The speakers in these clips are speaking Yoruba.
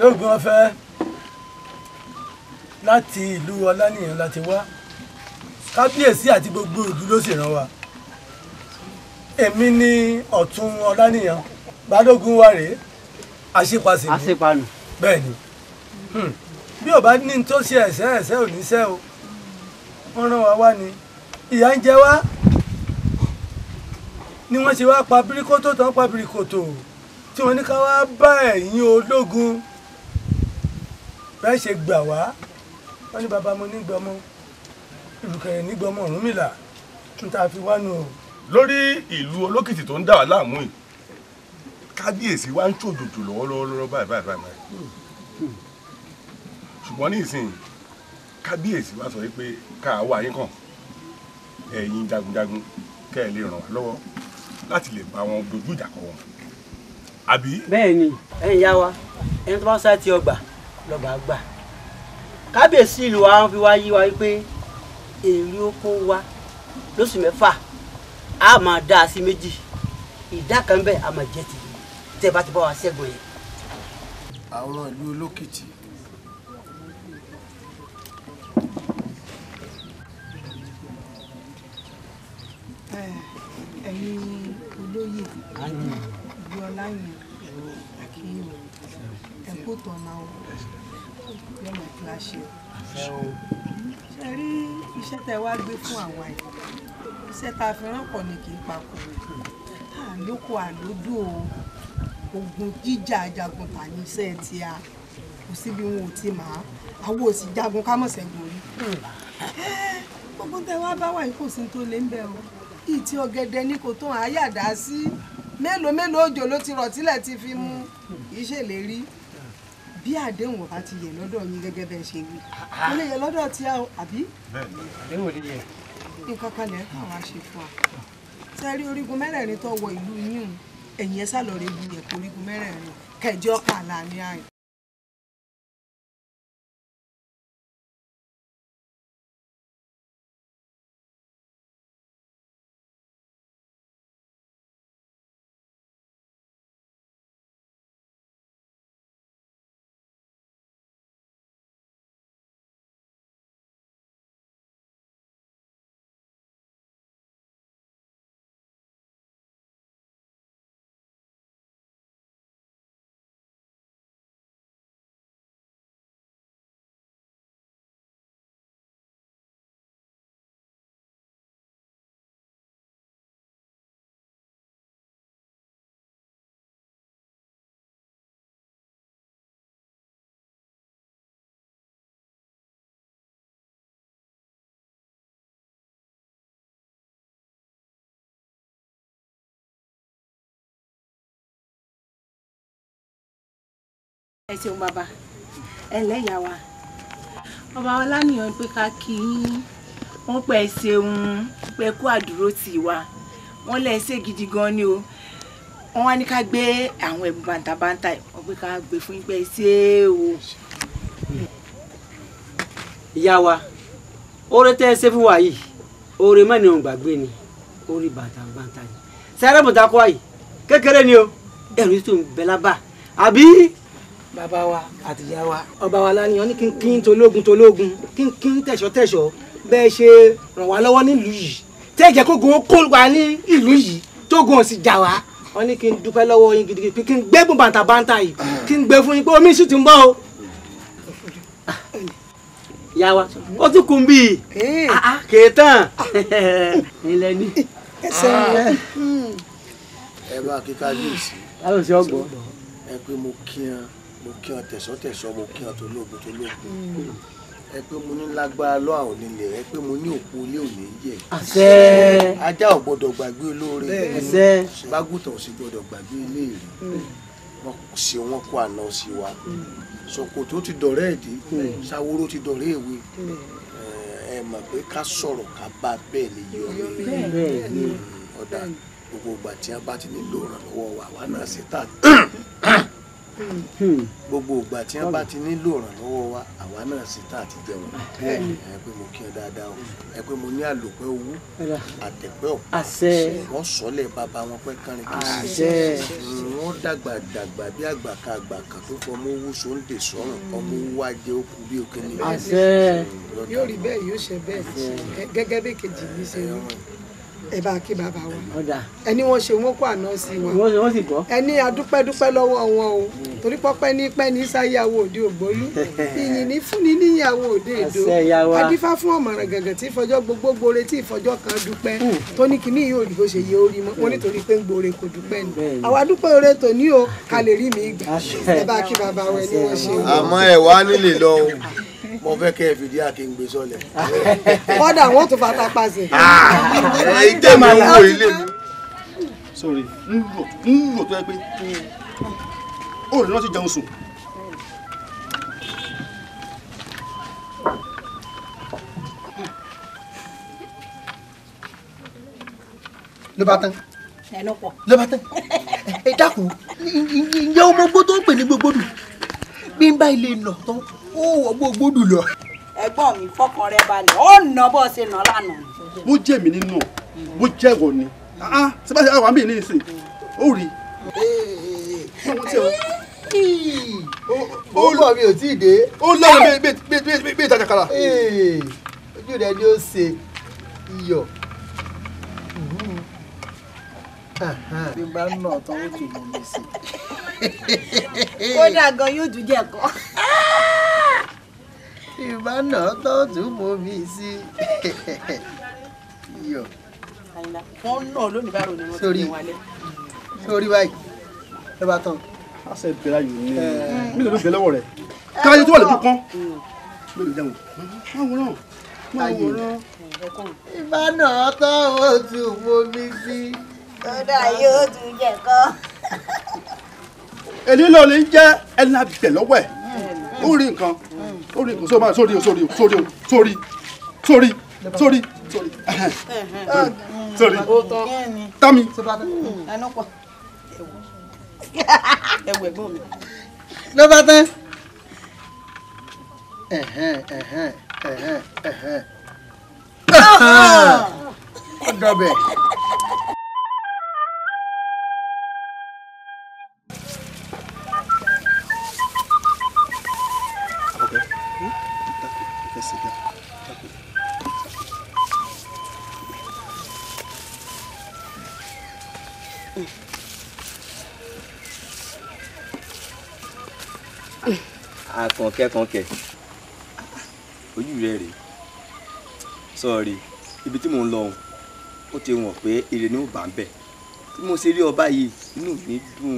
lóògùn ọ̀fẹ́ láti ìlú ọlánìyàn láti wá kábíyèsí àti gbogbo ìlú ló sì rán wa èmi ni ọ̀tún ọlánìyàn balógun wa rèé àṣepàṣe ni àṣepànù bẹ́ẹ̀ ni hmm. bí ò bá ní tó ṣe ẹ̀sẹ̀ ẹ̀sẹ̀ ò ní sẹ́ o wọ́n rán wa wá ni ìyà ń jẹ wá ni wọ́n ṣe wá pa bíríkótó tán pa bíríkótó tí wọ́n ní ká wá bá ẹ̀yìn ológun bẹ́ẹ̀ ṣe gbà wá wọ́n ní bàbá mo nígbọ́mọ ìrùkẹ̀rẹ̀ nígbọ́mọ Ọ̀rúnmìlà tún tá a fi wá nù o. lórí ìlú olókìtì tó ń dà wá láàmú yìí kábíyèsí wa ń tòjòjò lọ́wọ́lọ́wọ́ báyìí báyìí báyìí ṣùgbọ́n ní ìsìn kábíyèsí wa sọ pé ká wá yín kàn ẹ̀yin jagunjagun kẹ́ ẹ lè ràn wá lọ́wọ́ láti lè bá wọn dojú ìjà kọ wọn àbí. bẹ́ẹ̀ ni ẹ̀yin yá wa ẹni tó bá ń sá ti ọgbà lọ́ba gbà kábíyèsí ìlú wa fi wá yí wa wípé èrè oko wa lóṣù mẹ́fà á máa dá a sí méjì ìdá kan bẹ́ẹ̀ á máa jẹ́ ti tẹ́ bá ti bá wa ṣẹ́gun yẹn. àwọn ìlú olókìtì ẹ̀yin olóyè ìlú ọláyàn put on now yóò my kí Sherry, you said I iṣẹ́ tẹ wá gbé You said I iṣẹ́ tá a fi ránpọ̀ ni kì í papọ̀ do. àlódò ogun jíjà judge tà ní iṣẹ́ tí a kò sí bí wọn ò ti mà á àwọn ò sì jagun ká mọ̀ ṣẹ́gun rí gbogbo tẹ wá bá wà yìí kò sí tó melo ń bẹ o ìtì ọ̀gẹ̀dẹ̀ ni bí àdéhùn ọba ti yẹ lọ́dọ̀ yín gẹ́gẹ́ bẹ́ẹ̀ ṣe wí ah. ó lè yẹ lọ́dọ̀ tí a àbí. àdéhùn ò yẹ. nǹkan kan lẹ́ẹ̀ kàn wá ṣe fún wa ṣe rí orígun mẹ́rẹ̀ẹ̀rin tó wọ ìlú yín ẹ̀yìn ẹ̀ sálọ rẹ̀ bu yẹ̀kọ́ orígun mẹ́rẹ̀ẹ̀rin kẹjọ kàlà ní àyè ẹ ṣeun bàbá ẹ lẹ́yà wa ọba ọlánìyàn pé ká kí yín wọ́n pẹ́ ṣeun pẹ́ kó àdúró tì wá wọ́n lẹ́ ṣe gidi gan ni o wọ́n wá ní ká gbé àwọn ẹ̀bùn bàǹtàbàǹtà wọ́n pé ká gbé fún yín pẹ́ ṣe o. ìyá wa oore tẹ́ ẹ ṣe fún wa yìí oore mẹ́ni ò gbàgbé ni oore bàǹtàbàǹtà yìí sẹ́rẹ́bùtà yìí kékeré ni o ẹ̀rù tó ń bẹ lábà àbí bàbá wa àtìyá wa ọba wa lánìí wọn ní kínkín tológun tológun kínkín tẹ̀ṣọ́ tẹ̀ṣọ́ bẹ́ẹ̀ ṣe ràn wá lọ́wọ́ nílùú yìí tẹ́jẹ̀ kó gun kó wa ní ìlú yìí tó gun ọ̀sìn jà wá wọn ní kí n dúpẹ́ lọ́wọ́ yín gidigidi kí n gbẹ́bùn bàtà bàtà yìí kí n gbé fún yín pé omi sì ti ń bọ̀ o. ìyá wa ó tún kún bíi eh. ah, ah, kéétàn ilẹ̀ ni. ẹ ah. bá kíkájú sí i ẹ pé mo kí ẹ mo kí ọ tẹ̀sọ́ tẹ̀sọ́ mo kí ọ tológun tológun hmm. ẹ pé mo ní lágbára lọ àwọn onílé ẹ pé mo ní òkú ilé òní yẹ. àṣẹ. ajá ò gbọ́dọ̀ gbàgbé olóore. àṣẹ. bágùtàn ò sì gbọ́dọ̀ gbàgbé ilé rẹ̀ hmm. wọn sì wọn kó àná sí wa hmm. ṣòkòtò ti dọ̀rẹ́ èdè ṣàwòrò ti dọ̀rẹ́ èwe ẹ mọ̀ pé ká sọ̀rọ̀ ká bá bẹ́ẹ̀ lè yọ ọ̀dà gbogbo ìgbà tí wọ́n bá ti nílò ìrànlọ́wọ́ wa wa náà ṣe tà. gbogbo ìgbà tí wọ́n bá ti nílò ìrànlọ́wọ́ wa àwa náà sì tá àti jẹun ẹ pé mo kí ẹ dáadáa o ẹ pé mo ní àlòpẹ́ owó àtẹ̀pẹ́ ọ̀pá wọ́n sọ́lẹ̀ bàbá wọn pẹ́ kárin kí wọ́n dàgbà dàgbà bí àgbà kan tó fọ ọmọ owó sóńdè sọ́run ọmọ owó wa jẹ́ bí òkè ní. yóò rí bẹ́ẹ̀ yóò ṣe bẹ́ẹ̀ gẹ́gẹ́ bí kejì mi ṣe rí ẹ bá kí bàbá wa ẹni wọn ṣe wọn kó àná sí wa ẹni adúpẹ́dúpẹ́ lọ́wọ́ wọn o torí pọ́pẹ́ ní pẹ́ ní sáyàwó òde ògbólú ìyìn ní fúnni níyàwó òde èdò adífá fún ọ̀mọ̀ràn gàngàn tí ìfọjọ́ gbogbo gbore tí ìfọjọ́ kan dúpẹ́ hmm. tó ní kíní yóò dìbò ṣe yẹ orí mọ́ wọn nítorí hmm. pé ń gbore kò dúpẹ́ ni àwa dúpẹ́ oore tò ní o ká lè rí mi gbà ẹ bá kí bàbá wa ẹni wọn ṣe wọn. àmọ́ ẹ̀ wá nílé lọ mo fẹ́ kẹ́ ẹ fìdí àkíngbé sọlẹ̀. kọ́dà wọ́n tún fata pàṣẹ. Ah, ìjẹ́ mi ń wo ilé mi. sori n lò n lò tó yẹ pé ó lè rántí jẹun sùn. ló bá tán ló bá tán ẹ dákun ǹjẹ́ o mọ ń pè ní gbogbo dùn bí n bá ilé nà tó ó wọ gbogbo dùn lọ. ẹ̀gbọ́n mi fọkàn rẹ balẹ̀ ó nà bó ṣe nà lánàá. mo jẹ́ mi nínú mo jẹ́ wọ̀ ni sẹ́bàṣẹ́ àwọn àmì ìlẹ́yìn sí ó rí ó lọ mi ò tí ì dé ó lọ mi bí ìtajà kala. ojú rẹ ni ó ṣe iyọ̀ bí bá ń nà tán ó tún mú mi sí. kódà gan yóò tún jẹ́ kọ́ ìbá náà tó tún mú mi sí iyọ̀. wọ́n náà lónìí bá ronú wọn ti wálé. sórí báyìí ẹ bá tán. a ṣe bẹ̀rẹ̀ ayò ní mi lè ló bẹ̀rẹ̀ lọ́wọ́ rẹ̀ káyọ̀ tó wà lójú kan lórí ìdáhùn. báwo náà báwo náà. ìbá náà tó tún mú mi sí. kódà yóò tún jẹ̀kọ́. èlé lọ́ọ̀lì jẹ́ ẹni àbìtẹ̀ ẹ̀ ó rí nǹkan ó rí nǹkan sórí máa sórí o sórí o sórí o sórí sórí sórí sórí sórí tami. Hmm. ẹwù ẹ̀gbọ́n mi. ló bá tán. ọ̀dọ̀ bẹ̀. kẹ́kànkẹ́ ojú rẹ rèé sọ́ọ̀rì ibi tí mò ń lọ ó ti wọ̀n pé ire ni ó bá ń bẹ̀ tí mo ṣe rí ọba yìí inú mi dùn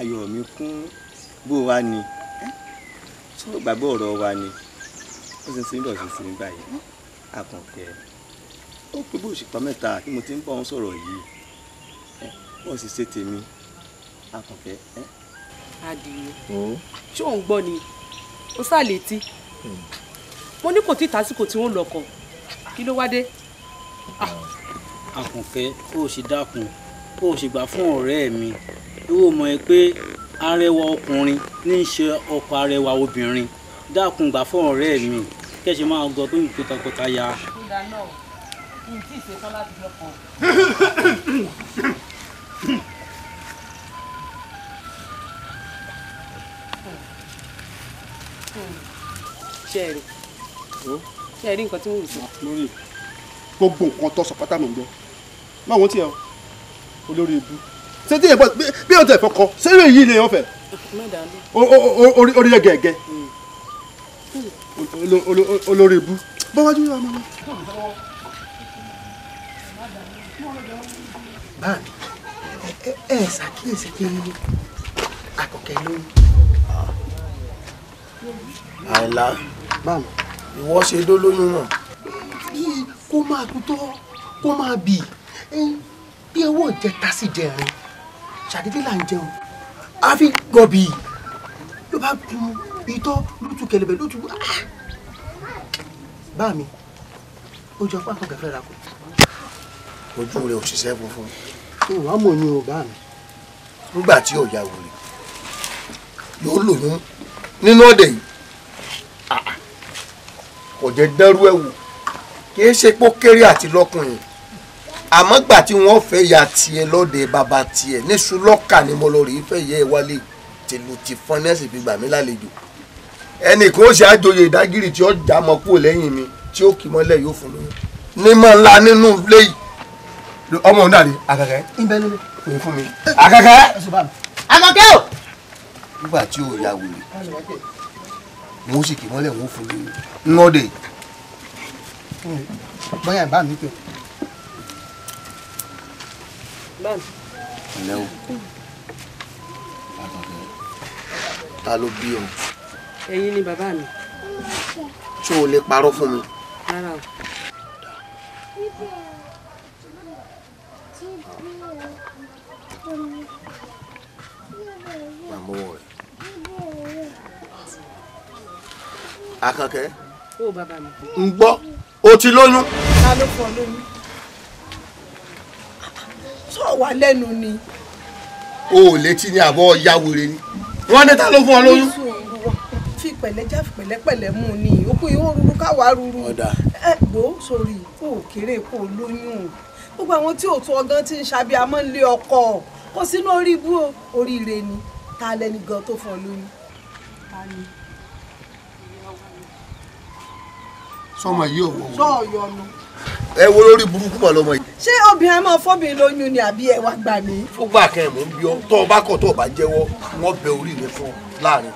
ayọ̀ mi kún bó wa ni tó gbàgbọ́ ọ̀rọ̀ wa ni ó sì ń sin ìdọ̀sí sí ní báyìí àkànkẹ́ ó pé bó òṣùpá mẹ́ta tí mo ti ń bá wọn sọ̀rọ̀ yìí wọ́n sì ṣe tèmi àkànkẹ́. adìyẹ ṣé òun gbọ́ ni ó sá létí mo ní kò tí ì tásìkò tí wọ́n lọ kọ kí ló wá dé. Ah, àkùnfẹ́ kó o ṣe dákun kó o ṣe gbà fún ọ̀rẹ́ mi yóò mọ̀ ẹ́ pé arẹwà ọkùnrin ní í ṣe ọkọ arẹwà obìnrin dákun gbà fún ọ̀rẹ́ mi kẹ́sì máa gbọ́ pé nǹkan tọkọtaya. ìgbà náà kí láti lọ́kọ̀ọ́. ṣe rí ṣe rí nǹkan tí mò sọ. Ah, lórí gbogbo nǹkan tó sọ pátá mò ń gbọ́ má wọ́n tiẹ̀ olórí ibu ṣé tí èèyàn bí ọ̀tẹ̀ fọkọ ṣé eré yìí lè yàn fẹ́ ah, orí yẹ gẹ̀ẹ́gẹ́ hmm. olórí ibu bọ́wájú yóò máa lọ. báàmì ẹ ẹ ṣàkíyèsí pé àkọkẹ lóyún. Ah. àìlá báwo. ìwọ ṣe dó lóyún náà. bí kó máa tutọ́ kó máa bì bí owó jẹ tásì jẹrin ṣàdédé là ń jẹun àfi gọbì ló bá kun itọ́ lótú kẹlẹbẹ lótú ah! bá mi ó jọ fún àkọkẹ fẹra kù. ojú rẹ òṣìṣẹ́ funfun. ìwà mọ̀ ni ò bá mi. nígbà tí ò yà wòlé yóò lóyún nínú ọ̀dẹ̀ yìí kò jẹ́ dẹ́rú ẹ̀ wò kì í ṣe pé ó kéré àti lọ́kùnrin àmọ́ gbà tí wọ́n fẹ́ ya tiẹ̀ lọ́dẹ bàbá tiẹ̀ níṣu lọ́kà ni mo lọ rí fẹ́ yẹ ẹ wálé tìlù ti fọn nẹ́ẹ̀sì fi gbà mí lálejò ẹnì kan ó ṣe àjòyè ìdágìrì tí ó já mọ́ kúrò lẹ́yìn mi tí ó kì mọ́lẹ̀ yóò fún mi ní mọ́ ńlá nínú ilé yìí ọmọ òun dàrí àkàkẹ́ ìbẹ́ nílé kò ní fún mi àkàkẹ́ àkàkẹ́ o nígbà tí ò yà wèrè wọn ó sì kì mọ́lẹ̀ wọn ó fún mi nọ́ọ̀dẹ̀ báyà bá mi pè ọ́. ẹnlẹ́ o ta ló bí ọ. ẹ̀yin ni bàbá mi. ṣé o lè parọ́ fún mi. rárá o. I'm àkànkẹ́. ó bàbá mi. ń gbọ́ o ti lóyún. ta ló fọ lóyún. sọ wà lẹ́nu ni. o ò létí ní àbọ̀ ya wèrè ni wọ́n ní ta ló fún ọ lóyún. fi pẹ̀lẹ́já pẹ̀lẹ́pẹ̀lẹ́ mú un ni òkú yìí ó ruru káwa ruru. ọ̀dà ẹ gbó sórí kó o kéré kó o lóyún gbogbo àwọn tí òtún ọgán ti ń ṣàbí àmọ́ ń ọkọ kó sínú orí ibú oríire ni ta lẹni gan tó fọ lóyún. sọmọ yìí ò wọ. sọọyọ nu. ẹ wo lórí burúkú mà lọmọ yìí. ṣé obìnrin máa fọ́bìnrin lóyún ni àbí ẹ wá gbà mí. fúgbà kẹ́ mò ń bí ọ tó o bá kọ̀ tó o bá jẹ́wọ́ wọ́n bẹ orí rẹ fún ọ láàrin.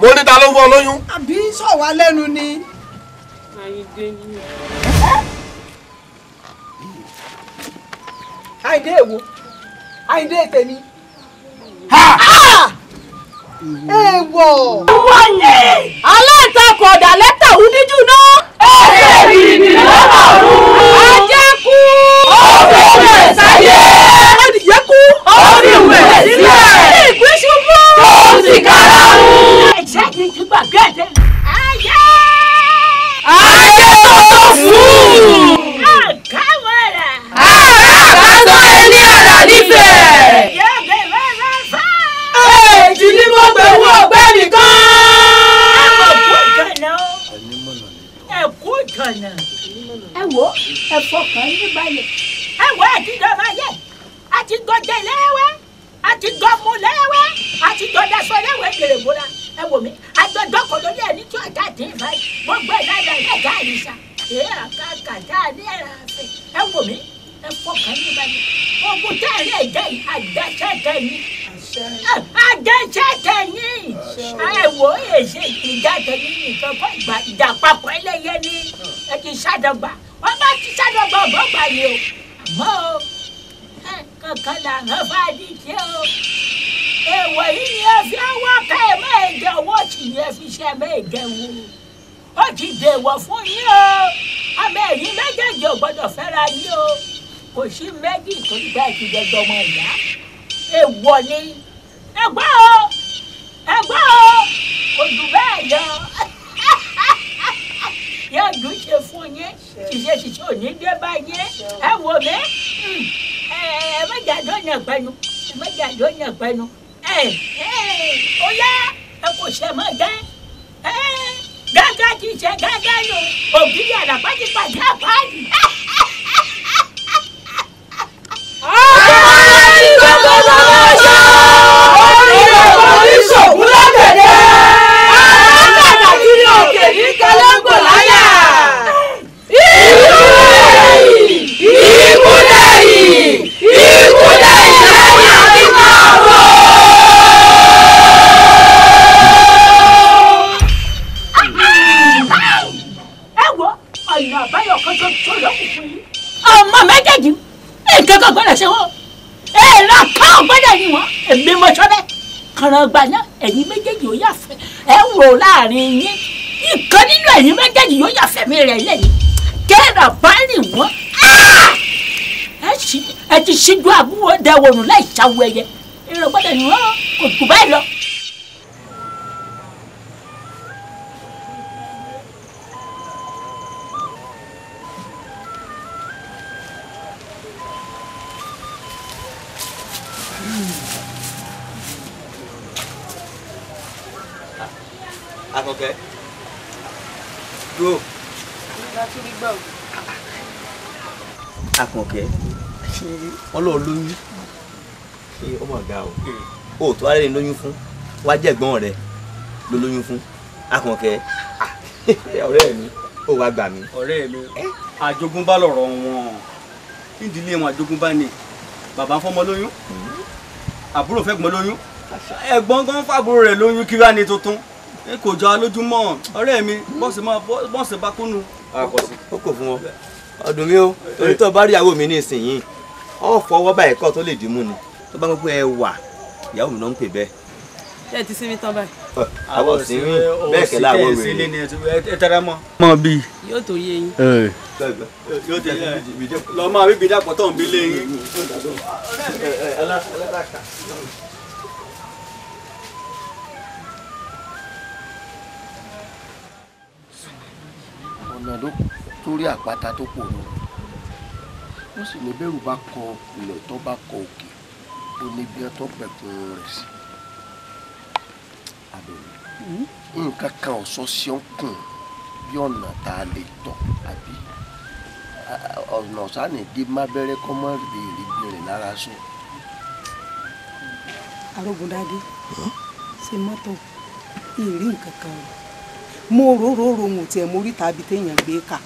mo ní ta ló ń fọ lóyún. àbí sọ̀wá lẹ́nu ni. àìdé èwo àìdé tèmi. èèwọ̀. wọ́n ní aláǹtakọ̀ ọ̀dà lẹ́tà oníjù náà gidi lọ́nà ọ̀run. ajá kú. ó fèrè sáyé. adìyẹ kú. ó ní ìwé sílẹ̀. ìgbín ṣubú. tó sì kára ń. ẹ̀jẹ̀ kìí ti gbàgbé ẹ̀jẹ̀. ayé. ayé. ẹ wò ó ẹ fọkàn yín balẹ̀ ẹ wò ẹ dídọ̀ máa yẹ a ti gọdẹ lẹ́wẹ́ a ti gọmu lẹ́wẹ́ a ti gọdẹ sọ lẹ́wẹ́ gèrè wòra ẹ wò mí àjọjọkọ lórí ẹni tí ọjà dín báyìí gbogbo ẹ dáadáa ẹ dáa yìí sa èé àkàkà dáa ní ẹ̀rọ àfẹ ẹ wò mí ẹ fọkàn yín balẹ̀ ogun tẹ́ ẹ̀rí ẹ̀jẹ̀ yìí àjẹsẹ̀ tẹ̀ yín àjẹsẹ̀ tẹ̀ yín ẹ wò ó èsì ìjà tẹ̀ yín nìkan kọ́ ìgbà ìjà papọ̀ ẹlẹ́yẹ ni ẹ ti ṣàdọ̀gbà ṣiṣẹ́ lọ́gbọ̀n ọ̀gbọ́n gbà o àmọ́ o kankan làwọn fàdí ṣe o èèwọ̀ yìí ni ẹ fi ọwọ́ ká ẹ má ẹ jẹ owó tì ní ẹ fi ṣe má ẹ jẹ wo ó ti dèwọ̀ fún yín o ọmọ ẹ̀yìn méjèèjì ò gbọ́dọ̀ fẹ́ra yín o kò sí méjì tó ń gbà ti dẹjọ́ ọmọ ìyá èèwọ̀ ni ẹgbọ́n o ẹgbọ́n o kò jù bẹ́ẹ̀ lọ tí ṣe fún yín ṣiṣẹ́ ṣiṣẹ́ òní dé bá yín ẹ wò mí ẹ mẹ́jàdó yàn pẹ́nu mẹ́jàdó yàn pẹ́nu ẹ ẹ ó yá ẹ kò ṣe mọ́ gẹ́ ẹ gágá ti ṣe gágá yòó ògiri àràpá ti àpáàdì. ọmọ méjèèjì nǹkan kan gbọ́dọ̀ ṣe wọ́n èèrà kan gbọ́dọ̀ yìí wọ́n èmi mo sọ bẹ́ẹ̀ kàràǹgbà náà ẹ̀yin méjèèjì yóò yàfẹ́ ẹ wò láàrin yín ìkan nínú ẹ̀yin méjèèjì yóò yàfẹ́ mi rẹ̀ lẹ́yìn kẹ́ẹ̀rà bá rìn wọ́n ah! ẹ ti ṣíjú àbúrò dẹwòrùn láì ṣàwọ̀ ẹ̀yẹ èrò gbọ́dọ̀ yìí wọ́n kò jù báyìí lọ. Àmọ̀kẹ́ dúró. Àkànkẹ́ wọ́n lọ lóyún ṣé ó mà ga o o tó ara ẹni lóyún fún wá jẹ́ ẹ̀gbọ́n rẹ ló lóyún fún Àkànkẹ́ ah, ọ̀rẹ́ mi ó wá gbà mí. ọ̀rẹ́ mi eh? àjogúnbá lọ̀rọ̀ wọn ìdílé wọn àjogúnbá ni bàbá ń fọmọ lóyún hmm. àbúrò fẹ́ gbọ́n lóyún ẹ̀gbọ́n gan fàbúrò rẹ̀ lóyún kí wá ní tuntun ẹ kò jọ alójúmọ́ ọ̀rẹ́ mi bọ́ọ̀sì máa bọ́ọ̀sì bá kúnnu. ó kò fún wọn ọdún mi ó torí tó bá rí ìyàwó mi ní ìsinyìí ọ fọwọ́ báyìí kọ́ tó lè dìímú ni tó bá gbogbo ẹ wà ìyàwó mi náà ń pè bẹ́ẹ̀. ṣé ẹ ti sinmi tán báyìí. àwọ̀ sinmi bẹ́ẹ̀ kẹ́lá àwọ̀ rẹ̀ ẹ tẹ́ra mọ́. mọ bí. yóò tó yé yín. yóò tẹ lọ máa bíbi dàpọ̀ tó ń bí lé yín. ọ̀nà tó rí àpáta tó pòrò wọ́n sì ní bẹ́rù bá kọ ilẹ̀ tó bá kọ òkè ó ní bí ọtọ́ pẹ̀kun rẹ̀ sí abẹ́rẹ́ hmm? nǹkan kan ọ̀sọ́ sí ọ́ kùn bí ọ̀nà tá a lè tọ̀ àbí ọ̀nà sáni dé mábẹ́rẹ́ kọ́ mọ́ béèrè béèrè lára sọ. arógundadé hmm? ṣe mọ́tò ìrí nǹkan kan rẹ̀ mo rò rò rò òun tiẹ̀ mo rí tàbí téèyàn gbé kà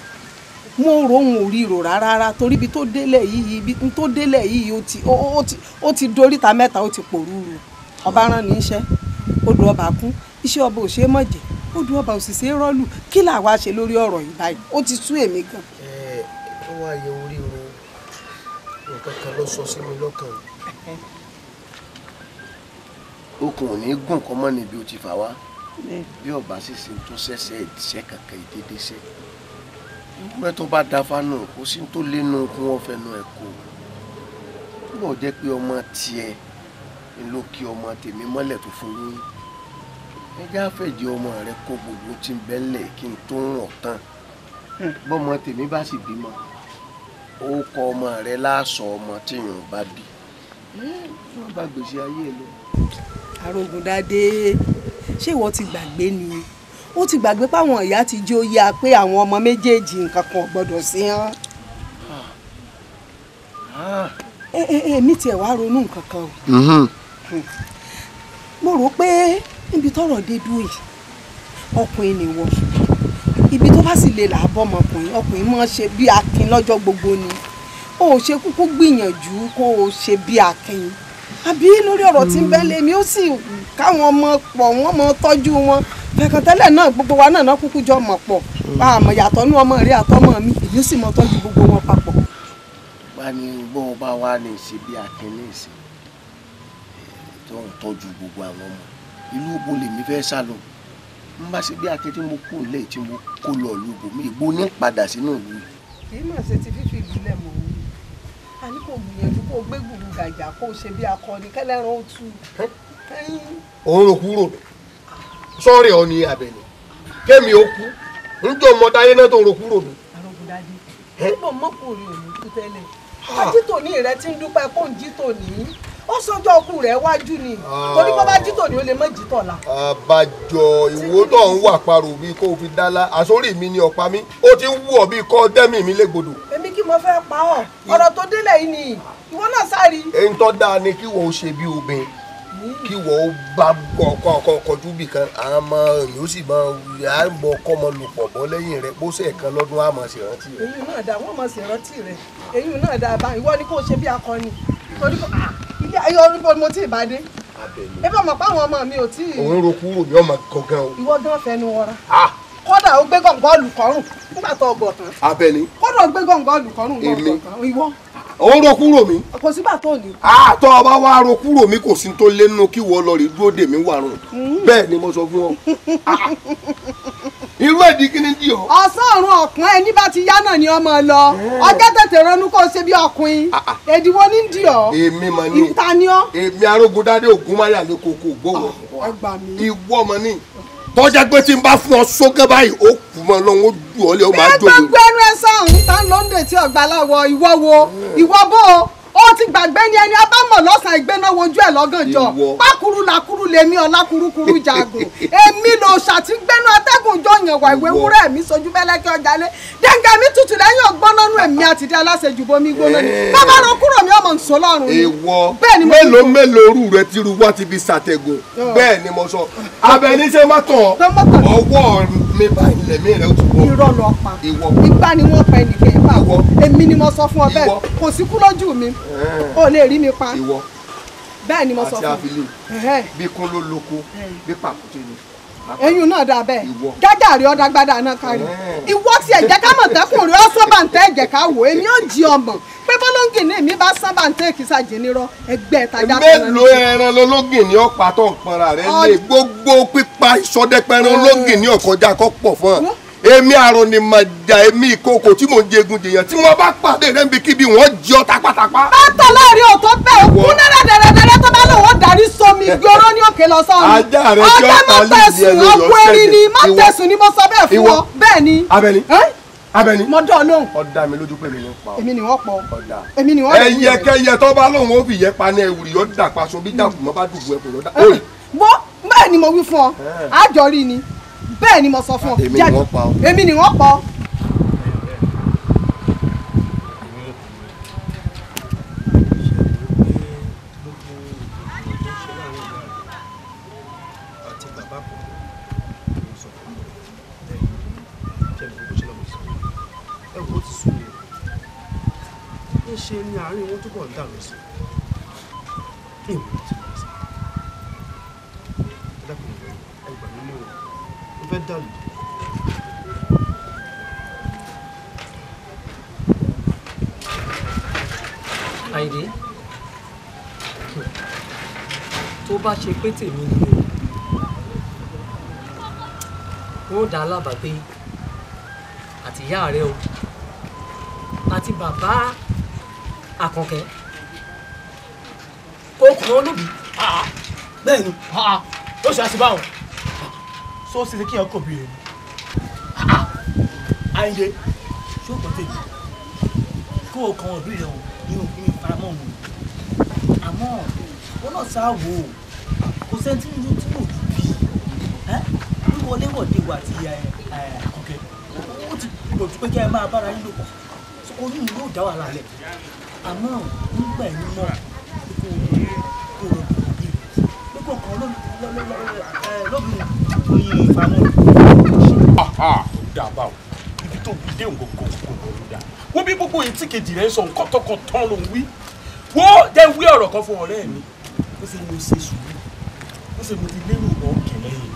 mo rò òun ò rí rò rárá torí ibi tó délẹ̀ yìí ibi tó délẹ̀ yìí ó ti ó ti doríta mẹ́ta ó ti pòrúurú ọba rán ní iṣẹ́ odò ọba kún iṣẹ́ ọba ò ṣe é mọ̀jẹ̀ odò ọba ò sì ṣe é rọ́ọ̀lù kí làwa ṣe lórí ọ̀rọ̀ yìí báyìí ó ti sú èmi gan. ẹ ẹ ó wá yẹ orí mi nǹkan kan ló sọ sí mi lọ́kàn okùn ò ní gùn kọ́mọ́ níbi ó ti fà wá bí ọba ṣèṣe tó ṣẹṣẹ ìṣe kankan ìdédé ṣe nígbà tó bá dáfa nù kó sí tó lẹ́nu kó wọ́n fẹnu ẹ̀ kó túbọ̀ jẹ́ pé ọmọ tiẹ̀ ló kí ọmọ tèmi mọ́lẹ̀ tó fún yín ẹ já fẹ̀jì ọmọ rẹ kó gbogbo tí ń bẹ́lẹ̀ kí n tó ń rọ̀ tán bọ́mọ tèmi bá sì bímọ ó kọ ọmọ rẹ láàsọ ọmọ tí yòó bá bí wọ́n bá gbèsè ayé ẹ lọ. Arógundadé ṣé ìwọ ti gbàgbé ni ó ti gbàgbé páwọn ìyá ti jó yá pé àwọn ọmọ méjèèjì nǹkan kan gbọ́dọ̀ sí hàn. Ah. Eh, eh, eh, èmi tiẹ̀ wá ronú nǹkan kan o mm-hmm. hmm. mo rò pé níbi tọ́rọ̀ dé dúró yìí ọkùnrin nìwọ ibi tó bá sì lè là á bọ́ ọmọkùnrin ọkùnrin máa ṣe bí akin lọ́jọ́ gbogbo ni o ò ṣe kúkú gbìyànjú kó o ṣe bí akin àbí lórí ọ̀rọ̀ tí ń bẹ lé mi ó sì káwọn ọmọ pọ̀ wọ́n mọ tọ́jú wọn kankan tẹ́lẹ̀ náà gbogbo wa náà náà kúkú jọ mọ̀ pọ̀ àmọ̀ yàtọ̀ nú ọmọ rẹ àtọmọ mi èyí sì mọ tọ́jú gbogbo wọn papọ̀. bá a ní bó o bá wá ní ìṣe bí akínní ìṣe tó ń tọ́jú gbogbo àwọn ọmọ ìlú ògbó lèmi fẹ́ sá lọ n bá ṣe bí akínní tí mo kú lẹ́yìn tí mo kó lọ ìlú ògbó mi ìgbó ní padà sínú ìlú yìí. kì í mọ̀ ṣe ti fífi ìlú lẹ̀ mọ́ a ní kò gbìyànjú kó gbégbùrú gàjà kó ṣe bí akọni kẹlẹ́ran ó tu. òun rò kúrò sọ́ọ̀rì ọ ni àbẹ̀lẹ̀ kémi ó kú njọ mọ táyé náà tó rò kúrò mi. àrògùdàdì nígbà mọ́kùnrin òní kú tẹ́lẹ̀ àtìtò ní ìrètí ń dúpẹ́ kó ń jí tòní ó sọjọ́ ọkù rẹ̀ wájú ni ah. torí bọ́ bá jí tòní ó lè mọ̀ jí tọ̀la. àbájọ ìwo tó ń wà parò bíi kó o fi dálá àsórí mi ni ọ̀pá mi ó ti ń wù ọ́ bíi kọ́ dẹ́mì mi légbodò. èmi kí mo fẹ́ pa ọ́ ọ̀rọ̀ tó délẹ̀ yìí ni ìwọ náà sáré. èyí tó dáa ni kí wọ́n ó ṣe bí obìnrin hmm. kí wọ́n ó bá ọkọ ọkọ kọjú bì kan àmọ́ yóò sì máa yà á bọ̀ ọkọ ọmọ lò pọ̀ bọ́ lẹ́yìn rẹ bó ṣe kan lọ́dún àmọ́ ṣèrántí rẹ. èyí náà dáa wọ́n mọ̀ ṣèrántí rẹ èyí náà dáa bá ìwọ ni kó o ṣe bí akọni torí kò ayọ orúkọ mo tí ì bá dé ẹ bá mọ̀ pé àwọn ọmọ mi ò tí ì. òun roku wò ní ọmọ gangan o. ìwọ gan fẹnu wọra. kódà ó gbé gọ̀ǹgọ̀ ọ̀lùkọ́rùn nígbà tó ọgọ̀ tán. abẹni. kódà ó gbé gọ̀ǹgọ̀ ọ̀lùkọ́rùn ní ọgọ̀ tán ìwọ ó ro mi. kò sígbà tó lè. àtọ́ ọba wa ro kúrò mi kò sí tó lé nínú kí wọ́n lọ rí dúró dè mí wàrùn. Mm-hmm. bẹ́ẹ̀ ni mo sọ fún ọ. irú ẹ̀dí kíni dì ọ́. ọ̀sán ọ̀run ọ̀kan ẹni bá ti yá náà ni ọmọ lọ ọjọ́ tètè ronú kó o ṣe bí ọkùnrin èdìwọ́ ní dì ọ́. èmi mà ní ìta ni ọ́. èmi arógundádé ògúnmáyà ni kòkò gbówó. Ah, ẹgbà mi. ìwọ mà ní tọ́jà pé tí n bá fún ọ sókè báyìí ó kù mọ́ lọ́wọ́ ó jù ọ́ lé ó máa jòlè. bí agbẹ́gbẹ́ ẹnu ẹ sáà ń tán lóńdè tí ọ̀gbà láwọ̀ ìwọ wo ìwọ bó o ó ti gbàgbé ni ẹni abámọ̀ lọ́sàn-án ìgbéná wojú ẹ̀ lọ́gànjọ́ pákúrú làkúrú lèmi ọ̀la kúrúkúrú jago èmi lò ṣàtìgbéná atẹ́gùn jọ wà ìwé wúrẹ́ mi sojú bẹ́lẹ́kẹ́ ọjà lé dẹ́ngà mi tutù lẹ́yìn ọgbọ́nọ́nù èmi àtìdí aláṣejù bomi gbóná ni bàbá rọ kúrò mi ọmọ nsọ lọ́rùn ni. bẹ́ẹ̀ ni mo sọ mélòó mélòó rú rẹ ti ru wá ti fi ṣàtẹ̀gò bẹ́ẹ̀ ni mo sọ abẹ níṣẹ́ mọ́tò ọwọ́ ọ̀run mi báyìí lẹ̀mí rẹ ó ti wọ. irọ́ lọ pa ìgbà ni wọ́n pa ẹnìkan ẹ̀ pàwọ́ èmi ni mo sọ fún ọ bẹ́ẹ̀ kò sí kú lójú mi ò lè rí mi pa bẹ́ẹ̀ ni mo sọ fún ọ. àti àfilè bí kún ló lóko bí pàkúté ni ẹ̀yin náà dà bẹ́ẹ̀ jájà rí ọdá gbádà náà kárí ìwọ tí ẹ̀jẹ̀ ká mọ̀ tẹ́kùn rí ọsán bàǹtẹ́ ẹ̀jẹ̀ ká wò èmi ò jí ọmọ pé bọ́lọ́ngì ní èmi bá sán bàǹtẹ́ èkìsà jìnnìrọ ẹgbẹ́ ìtajà kan náà. mélòó ẹran lọ́lọ́gì ní ọ̀pá tó ń pọnra rẹ lé gbogbo pípa ìsọdẹpẹran lọ́gì ní ọ̀kọjá kọ́ pọ̀ fún ọ èmi àrònìmọ̀jà èmi ìkòkò tí mò ń jẹgun jèèyàn tí wọ́n bá pàdé rẹ̀ níbikíbi wọ́n jẹ ọ́ tapatapa. bàtà láàrin òtó bẹ́ òkú náírà dẹ̀rẹ̀dẹ̀rẹ̀ tó bá lòun darí somi gbóró ní òkè lọ sọ́ọ̀nù. ajá rẹ kí ọ̀tá lè yẹ lórí ọ̀sẹ̀ jẹ. ọ̀tá mọ̀ tẹ̀sùn ọkùn erin ni mọ̀ tẹ̀sùn ni mo sọ bẹ́ẹ̀ fún ọ bẹ́ẹ̀ ni. abẹni abẹni. mo dán lóhùn. ọ̀dà mi lójú pé mi ni pa ọ. èmi ni wọ́n pọ̀. ọ̀dà èmi ni wọ́n lè. ẹyẹ kẹyẹ tó bá lóhùn ó fi yẹ pa ní ẹwùrì yóò dà pa so bí hmm. dàkùn mọ́ bá dùbò ẹkùn yóò dà. bó bẹ́ẹ̀ ni mo wí fún ọ àjọrí ni bẹ́ẹ̀ ni mo sọ fún ọ jáde èmi ni wọ́n pa ṣe ni àárín wọn túbọ̀ ń dàrú sí i. náà nù. Àìdé tó bá ṣe pé tèmi nìyẹn ó dá lábàá pé àti ìyá rẹ o àti bàbá àkànkẹ́ kó kàn án lóbi. Ah, bẹ́ẹ̀ ni ah, ó ṣe àṣìbáwọn so ṣe ṣe kí ọkọ̀ bí rẹ̀ Àyìndé ṣé o kò tèmi kó o kan ọ̀dún ìrẹ̀wọ̀n nínú nínú ìfaramọ́ òun àmọ́ wọn náà sá wò ó kò sẹ́ni tí mo tí mo dùn bí wíwọlé Ti, wà àti àkọ́kẹ́ ó ti gbòdú pé kí ẹ máa bára yín lò pọ̀ oyún mi yóò dá wàhálà lẹ̀ àmọ́ nígbà ẹ̀yìn náà Ah, ah, dàbà o ibi tó gbé déhùn gbogbo gbogbo ló dà wọ́n bí gbogbo yìí tí kejì rẹ̀ sọ nǹkan tọkàn tán ló ń wí wọ́n jẹ́ wí ọ̀rọ̀ kan fún ọ̀rẹ́ mi ó ṣe mo ṣe sùúrù ó ṣe mo ti lérò ọ̀rọ̀ kẹlẹ́ yìí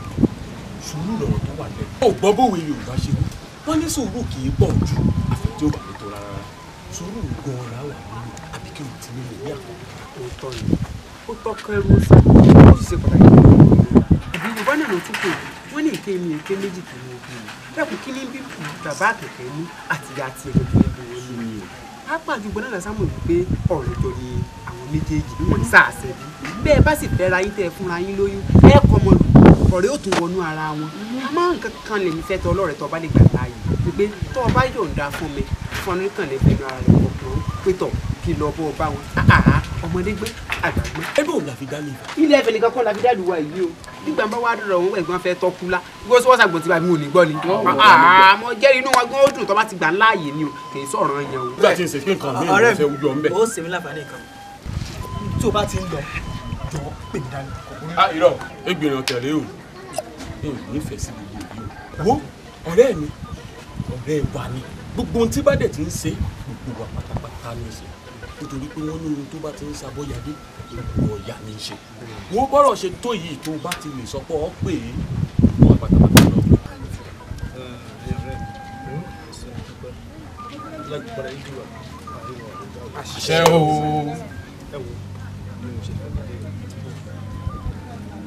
sùúrù lọ̀rọ̀ tó wà lẹ́nu. ó gbọ́ bówe Yorùbá ṣe wí wọ́n ní sùúrù kì í pọ̀ ju àfi tí ó rárá sùúrù gan-an wà nínú àbí kí o ti nílò ní àkókò tó tọ́ ni ó tọ́ kẹ́rù èké mi èké méjì tó ní ojú mi dàpọ̀ kí ní bí bàbá àkẹ́kẹ́ mú àtìyá àti ẹ̀rọ tó ní bí wọ́n ní mi o pápá àjùgbọ́ náà sámú wípé ọ̀rọ̀ jọ ni àwọn méjèèjì wọn ní sàásẹ̀ bí bẹ́ẹ̀ bá sì fẹ́ra yín tẹ́ fúnra yín lóyún ẹ kọ́ ọmọ ọ̀rẹ́ ò tún wọnú ara wọn má nǹkan kan lè ní fẹ́ tọ́ ọlọ́rẹ̀ tó bá lè gbà láàyè wípé tó o bá yọ̀ǹda fún mi fún ọ nìkan lè fẹ́nu ara rẹ̀ kọ̀ọ̀kan pétọ̀ kí lọ bọ́ ọ bá wọn àhà ọmọdé gbé àgbà gbé. ẹ bò la fi dá lè. ilé ẹ̀fẹ̀ nìkan kọ́ la dá lù wá yìí o nígbà bá wàá dọ̀rọ̀ òun ẹ̀gbọ́n fẹ́ tọ́kú la gbogbo sọ́wọ́ sàgbọ̀n ti bàbí mi ò ní gbọ́ ni. àmọ́ jẹ́rìí inú wọn gbọ́n ó dùn tó bá ti gbà láàyè ni o kì í sọ̀rọ̀ yẹn o. nígbà tí n ṣe kí nǹkan mi ò fẹ́ wújọ ńbẹ. ó sèmi láǹfààní kan tí bá ti ń lọ jọ pè mí dání. a ah, irọ́ egbèrè ọ̀tẹ̀lé o nífẹ̀ẹ́ sí gbogbo wo ọ̀rẹ́ mi ọ̀rẹ́ wa ni gbogbo ohun tí bá gbogbo wa pátápátá ní í ṣe nítorí pé wọ́n ní tó bá ti ń ṣàbọ̀yàdé òògùn ọ̀yà ní ṣe. wọ́n bọ́rọ̀ ṣe tó yìí tó bá ti lè sọpọ̀ ọ́ pé wọ́n pátápátá lọ. àṣẹ o.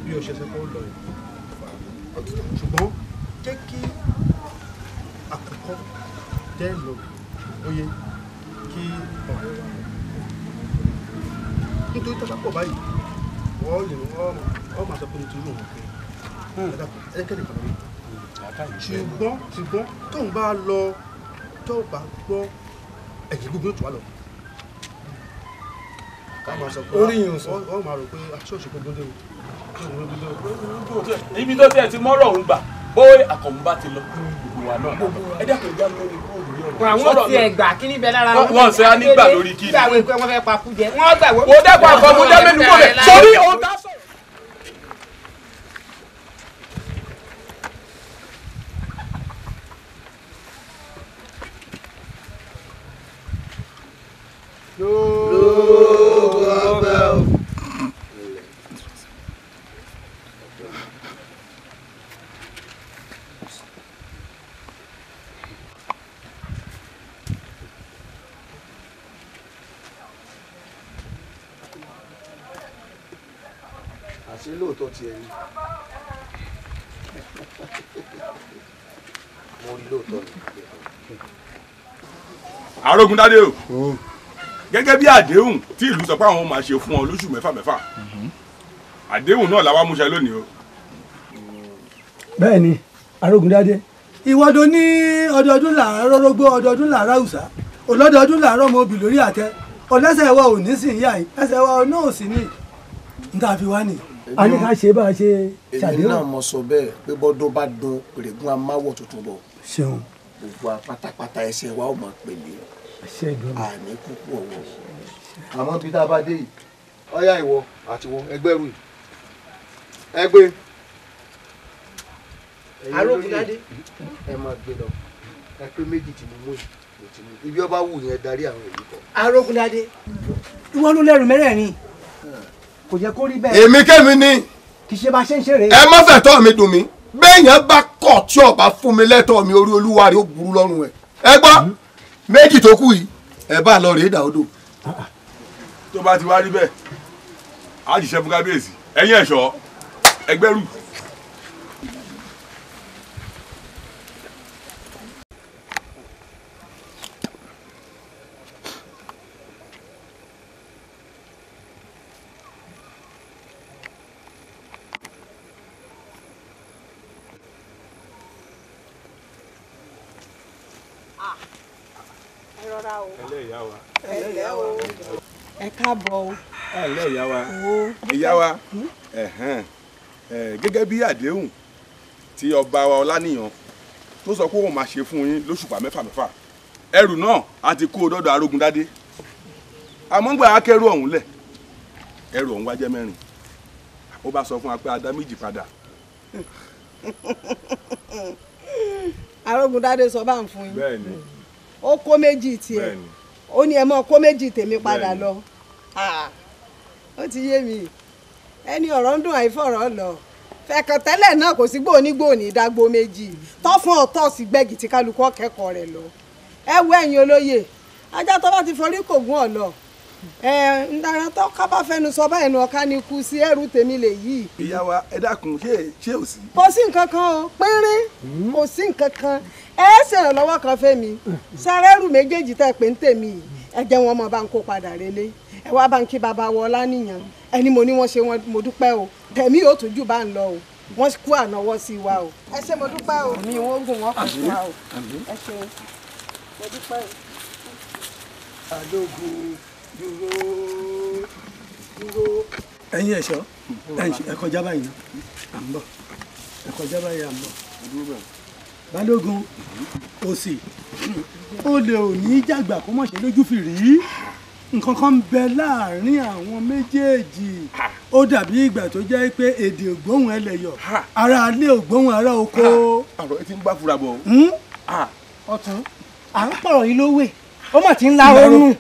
bí o ṣe fẹ́ kó lọ yìí ṣùgbọ́n jẹ́ kí àkọ́kọ́ jẹ́ lọ oyè kí ọ̀rẹ́ wa lọ nítorí tó bá pọ̀ báyìí wọ́n lè wọ́n ibi tó tiẹ̀ ti mọ́rọ̀ òun gbà bóyá àkànmú bá ti lọ gbogbo náà ẹ dákun ìyá lórí àwọn ti sọ ya nígbà lórí kí ni. gbàgbé pé wọn fẹ́ pa kú jẹ wọn gbàgbé. wò ó dẹ́kun àfọmú dẹ́mẹ́nu kò àti lóòótọ́ tiẹ̀ ni mo rí lóòótọ́ ni. Arógundádé o gẹ́gẹ́ bí àdéhùn tí ìlú sọ pé àwọn máa ṣe fún ọ lóṣù mẹ́fà mẹ́fà mhm. àdéhùn náà làwa múṣẹ lónìí o. bẹ́ẹ̀ ni Arógundádé ìwọ́dọ̀ ní ọdọọdún làárọ̀ rọ́rọ́gbó ọdọọdún làárọ̀ àwùsá ọlọ́dọọdún làárọ̀ ọmọ obì lórí àtẹ ọlẹ́sẹ̀ wa ò ní sìn yá yìí ẹsẹ̀ wa náà ò sì ní nǹkan nìyí a ní ká ṣe bá a ṣe ṣàdéhùn. èmi náà mo sọ bẹ́ẹ̀ pé bọ́dún bá dun rẹ̀gún amáwọ̀ tuntun bọ̀. ṣeun. gbogbo apátápátá ẹsẹ̀ wa ò máa pèlè. ṣe ìdúró. àní kúkú ọ̀wọ́. àmọ́ bí tá a bá dé yìí ọ̀yá ìwọ àtiwọ ẹgbẹ́ rù yìí ẹgbẹ́. arókùnádé. ẹ máa gbé lọ ẹ pé méjì tí mo mú yìí ibi ọba wù yẹn darí àwọn èyí kọ. arókùnádé ìwọ ló lẹ́rù mẹ́rẹ̀ẹ̀rin kò jẹ́ kó rí bẹ́ẹ̀. èmi kẹ́mi ni. kì í ṣe bá ṣe ń ṣe rèé. ẹ má fẹ́ tọ́ mi dùn mí béèyàn bá kọ̀ tí ọba fún mi lẹ́tọ̀ mi orí olúwa rẹ̀ ó burú lọ́rùn ẹ̀. ẹ gbọ́ hmm? méjì tó kù yìí ẹ bá lọ rèé dàódò. tó bá ti wá rí bẹ́ẹ̀ á jìṣẹ́ fún kábíyèsí ẹ̀yin ẹ̀ṣọ́ ẹgbẹ́rù. ìyá wa. ẹ káàbọ̀ o. ẹ ǹlẹ́ ìyá wa. ìyá wa hmm? gẹ́gẹ́ bí àdéhùn tí ọba wa ọlánìyàn tó sọ pé òun máa ṣe fún yín lóṣùpá mẹ́fà mẹ́fà ẹrù náà a ti kó o dọ́dọ̀ arógundádé àmọ́ ń gbà á kẹ́rù ọ̀hún lẹ̀ ẹrù ọ̀hún wá jẹ́ mẹ́rin ó bá sọ fún wa pé adá méjì padà. arógundádé sọ bá ń fún yín ó kó méjì tiẹ̀ ó ní ẹ mọ kó méjì tèmi padà lọ ah, ó ti yé mi ẹni ọ̀rọ̀ ń dùn àìfọ̀rọ̀ lọ fẹ̀kàn tẹ́lẹ̀ náà kò sí gbòóní gbòóní dágbó méjì tọ́fún ọ̀tọ̀ sí gbẹ́gì tí kálukú ọ̀kẹ́kọ̀ọ́ rẹ̀ lọ ẹ wo ẹ̀yin olóye ajá tó bá ti forí kò gún ọ̀ lọ ẹ ǹdàrà tó kábà fẹnu sọ báyìí ni kú sí ẹrù tèmi lè yí. Iyawa ẹ dákun ṣé ṣé ò sí. kò sí nǹkan kan o péré hmm? kò sí nǹkan kan ẹ kan fẹ́mi sáré ẹrù méjèèjì tẹ̀ pé ń tèmi yìí ẹ kó padà ẹ baba wọlá nìyẹn ẹni mo ní wọn mo dúpẹ́ o o wọ́n kú ànáwọ́ sí wa o ẹ ṣe mo wọn wa o ẹ ṣe mo o. dúró dúró. ẹ̀yin ẹ̀ṣọ́ ẹ kọjá báyìí náà à ń bọ̀ ẹ kọjá báyìí à ń bọ̀. balógun òsì ó lè ò ní jàgbà kó mọ̀ ṣe lójú fìrí nǹkan kan ń bẹ láàrin àwọn méjèèjì ó dàbí ìgbà tó jẹ́ pé èdè ògbóhùn ẹlẹ́yọ̀ ara alé ògbóhùn ara oko. àrò ẹ ti ń gbá fura bọ̀. Hmm? Ah. ọ̀tún à ń pọ̀rọ̀ yìí lówè ó mà ti ń la oorun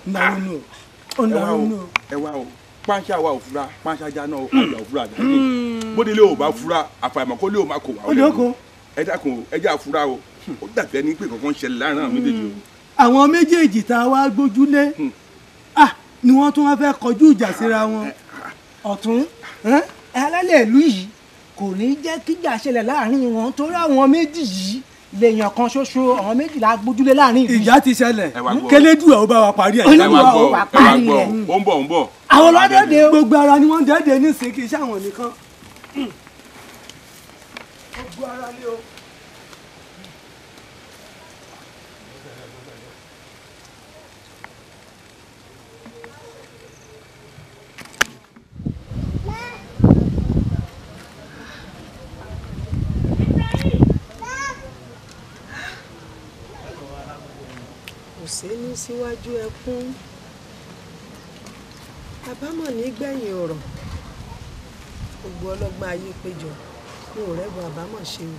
ẹwà o ẹwà o panṣá wa ò fura panṣá já náà àgbà ò fura àdáyé hmm. bódélé ò bá fura àfàìmọ̀ kó lé ò má kò wá ó lẹ́nu o ẹ jẹ́ àfura o hmm. ó dàbí ẹni pé kankan ṣẹlẹ̀ láàrin àwọn méjèèjì o. àwọn méjèèjì tá a wá gbójúlé hmm. ah, ni wọ́n tún wáá fẹ́ kọjú ìjà síra wọn eh, eh, ah. ọ̀tún eh, alálẹ̀ ìlú yìí kò ní jẹ́ kíjà ṣẹlẹ̀ láàrin wọn torí àwọn méjì yìí lèèyàn kan ṣoṣo àwọn méjìlá gbójúlé láàrin ìlú. ìjà ti ṣẹlẹ̀ kẹlẹ́dù ẹ̀ ó bá wa parí ẹ̀. ẹ wá gbọ́ ẹ wá gbọ́ ó ń bọ̀ ó ń bọ̀. àwọn ọlọ́dẹ̀dẹ̀ gbogbo ara ni wọ́n dẹ́dẹ̀ ní sèkì iṣẹ́ àwọn nìkan. gbogbo ara ni o. síwájú ẹkún àbámọ̀ nígbẹ̀yìn ọ̀rọ̀ gbogbo ọlọ́gbọ́n ayé péjọ ní òrẹ́gun àbámọ̀ ṣe o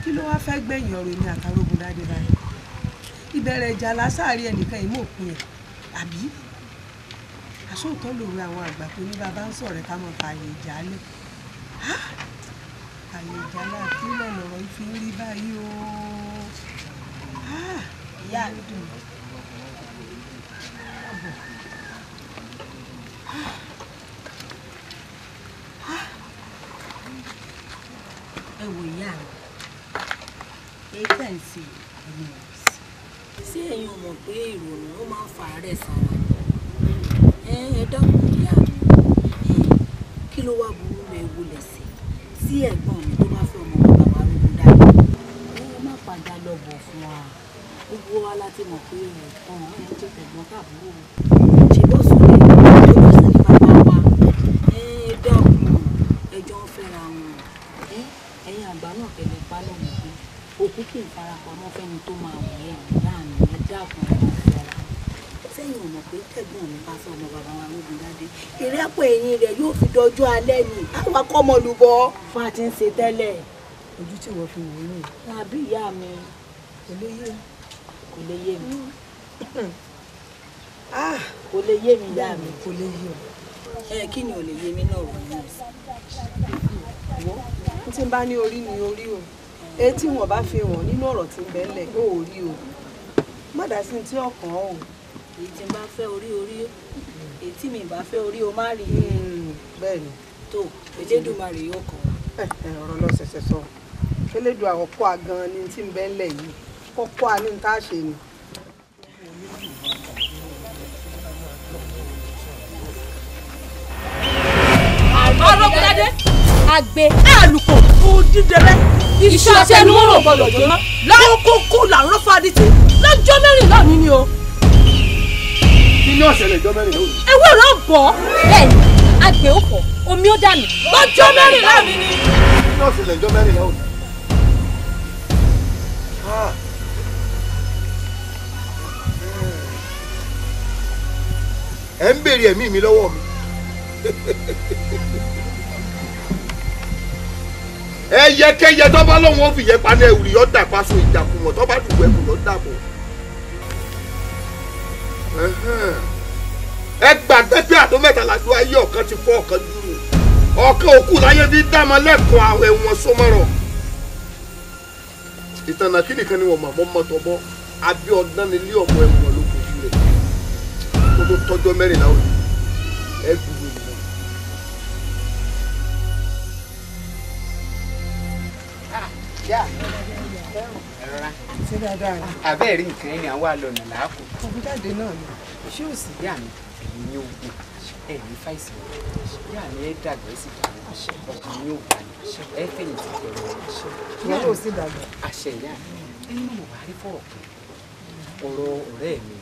kí ló wáá fẹ́ gbẹ̀yìn ọ̀rọ̀ èmi àtàrógun dáadé báyìí ìbẹ̀rẹ̀ ìjà lásáàrí ẹnìkan ìmọ̀ òpin ẹ̀ àbí àsóòtọ́ lòwe àwọn àgbà pé ní bàbá ń sọ̀rọ̀ ká mọ̀ fààyè ìjà lẹ̀ fààyè ìjà láàfin lẹ̀ lọ́rọ̀ ìfi ń rí báyìí o ìyá mi dùn mí. ẹ wò ìyá mi èyí tẹ̀ ń ṣe ẹ̀yìn ọ̀sẹ̀. ṣé ẹ̀yin ò mọ̀ pé ìrònú ó máa ń fa àárẹ̀ sára ẹ dákun ìyá mi kí ló wá burú mẹ́wulẹ̀ sí tí ẹ̀gbọ́n mi tó bá fẹ́ ọmọ bọ̀wọ̀ fún wa gbogbo wa la ti mọ̀ pé ẹ̀ẹ̀kan ẹ̀ ń jẹ́ tẹ̀gbọ́n tàbúrò ṣe bó sùn ní ìlú sí ní bàbá wa ẹ̀ dẹ́kun ẹjọ́ ń fẹ́ra wọn ẹ̀yin àgbà náà kẹ̀lẹ́ pa lọ́wọ́ pé òkú kì í farapamọ́ fẹ́ni tó máa wọ̀ ẹ́ láàmì ẹ̀ dákun ẹ̀ fẹ́ra sẹ́yìn ọ̀nà pé tẹ̀gbọ́n mi bá sọ ọmọ bàbá wa lóògùn dáadé ìrẹ́pọ̀ ẹ̀yìn rẹ̀ yóò fi dọjọ́ alẹ́ ni àwa kọ́ ọmọ fún àti ń ṣe tẹ́lẹ̀ ojú tí wọ́n fi wò ó nù. àbí ìyá mi kò lè yé mi kò lè yé mi mm. ah kò lè yé mi yá mi kò lè yé mi ẹ kí ni ò lè yé mi náà wò ní ìwọ tí n bá ní orí ni orí o etí wọn bá fi hàn nínú ọ̀rọ̀ tí ń bẹ ńlẹ̀ ó orí o má dá sí ti ọkàn o. èyí tí n bá fẹ́ orí orí èyí tí mi bá fẹ́ orí o má rí i. Mm, bẹ́ẹ̀ ni. tó Elédùmarè yóò kàn wá. Eh, eh, ọ̀rọ̀ lọ ṣẹ̀ṣẹ̀ sọ Elédùà àwọ̀kọ́ àgan ni tí ń bẹ ńlẹ̀ yìí kọ́kọ́ a ní nǹkan àṣẹ ni. ọlọ́kùnrin agbe àlùkò fún dídẹrẹ iṣẹ́ àtẹnumọ́rọ̀ gbọ́dọ̀ jóná lọ́kùnkùn làwọn faditì lọ́jọ́ mẹ́rìnlá mi ni o. inú ọ̀sẹ̀ lè jọ mẹ́rìnlá òní. ewé rẹ̀ bọ̀ bẹ́ẹ̀ ni ó kọ̀ omi ó dànù lọ́jọ́ mẹ́rìnlá mi ni. inú ọ̀sẹ̀ lè jọ mẹ́rìnlá òní. ẹ ń béèrè ẹ̀mí mi lọ́wọ́ mi ẹyẹkẹyẹ tó bá lóun ó fi yẹ paná ẹwùrì yọ dà paṣọ ìjàkùn wọn tó bá dùn ẹkùn lọ dàbọ. ẹ gbàgbé pé àtó mẹ́ta làdó ayé ọ̀kan ti fọ́ ọ̀kan dúró ọ̀kan òkú láyé bí dáma lẹ́kọ̀ọ́ àwọn ẹ̀wọ̀n sọmọ́rọ̀. ìtànà kí nìkan ni wọ́n mọ̀ mọ́ mọ́tọ́ bọ́ abíọ́dán nílé ọmọ ẹ̀wọ̀n tó tó tọ́jọ́ mẹ́rìnlá òní ẹ kú lórí náà. àbẹ́ rí nǹkan ẹni àwọn àlọ́nà làákò. ọ̀gbìn jáde náà ni ṣé ò sì yá mi èmi ní ogun ẹ̀mí fàìsì yá mi ẹ̀ dàgbà ẹ̀ sì dàgbà ọ̀gbìn ní ògbà ni ẹ̀ fẹ̀yìntì pẹ̀lú ọ̀ṣẹ́. yá ò sì dàgbà. àṣẹ ìyá mi ẹni mo wà á rí fọ̀rọ̀ ọ̀rọ̀ ọ̀rẹ́ mi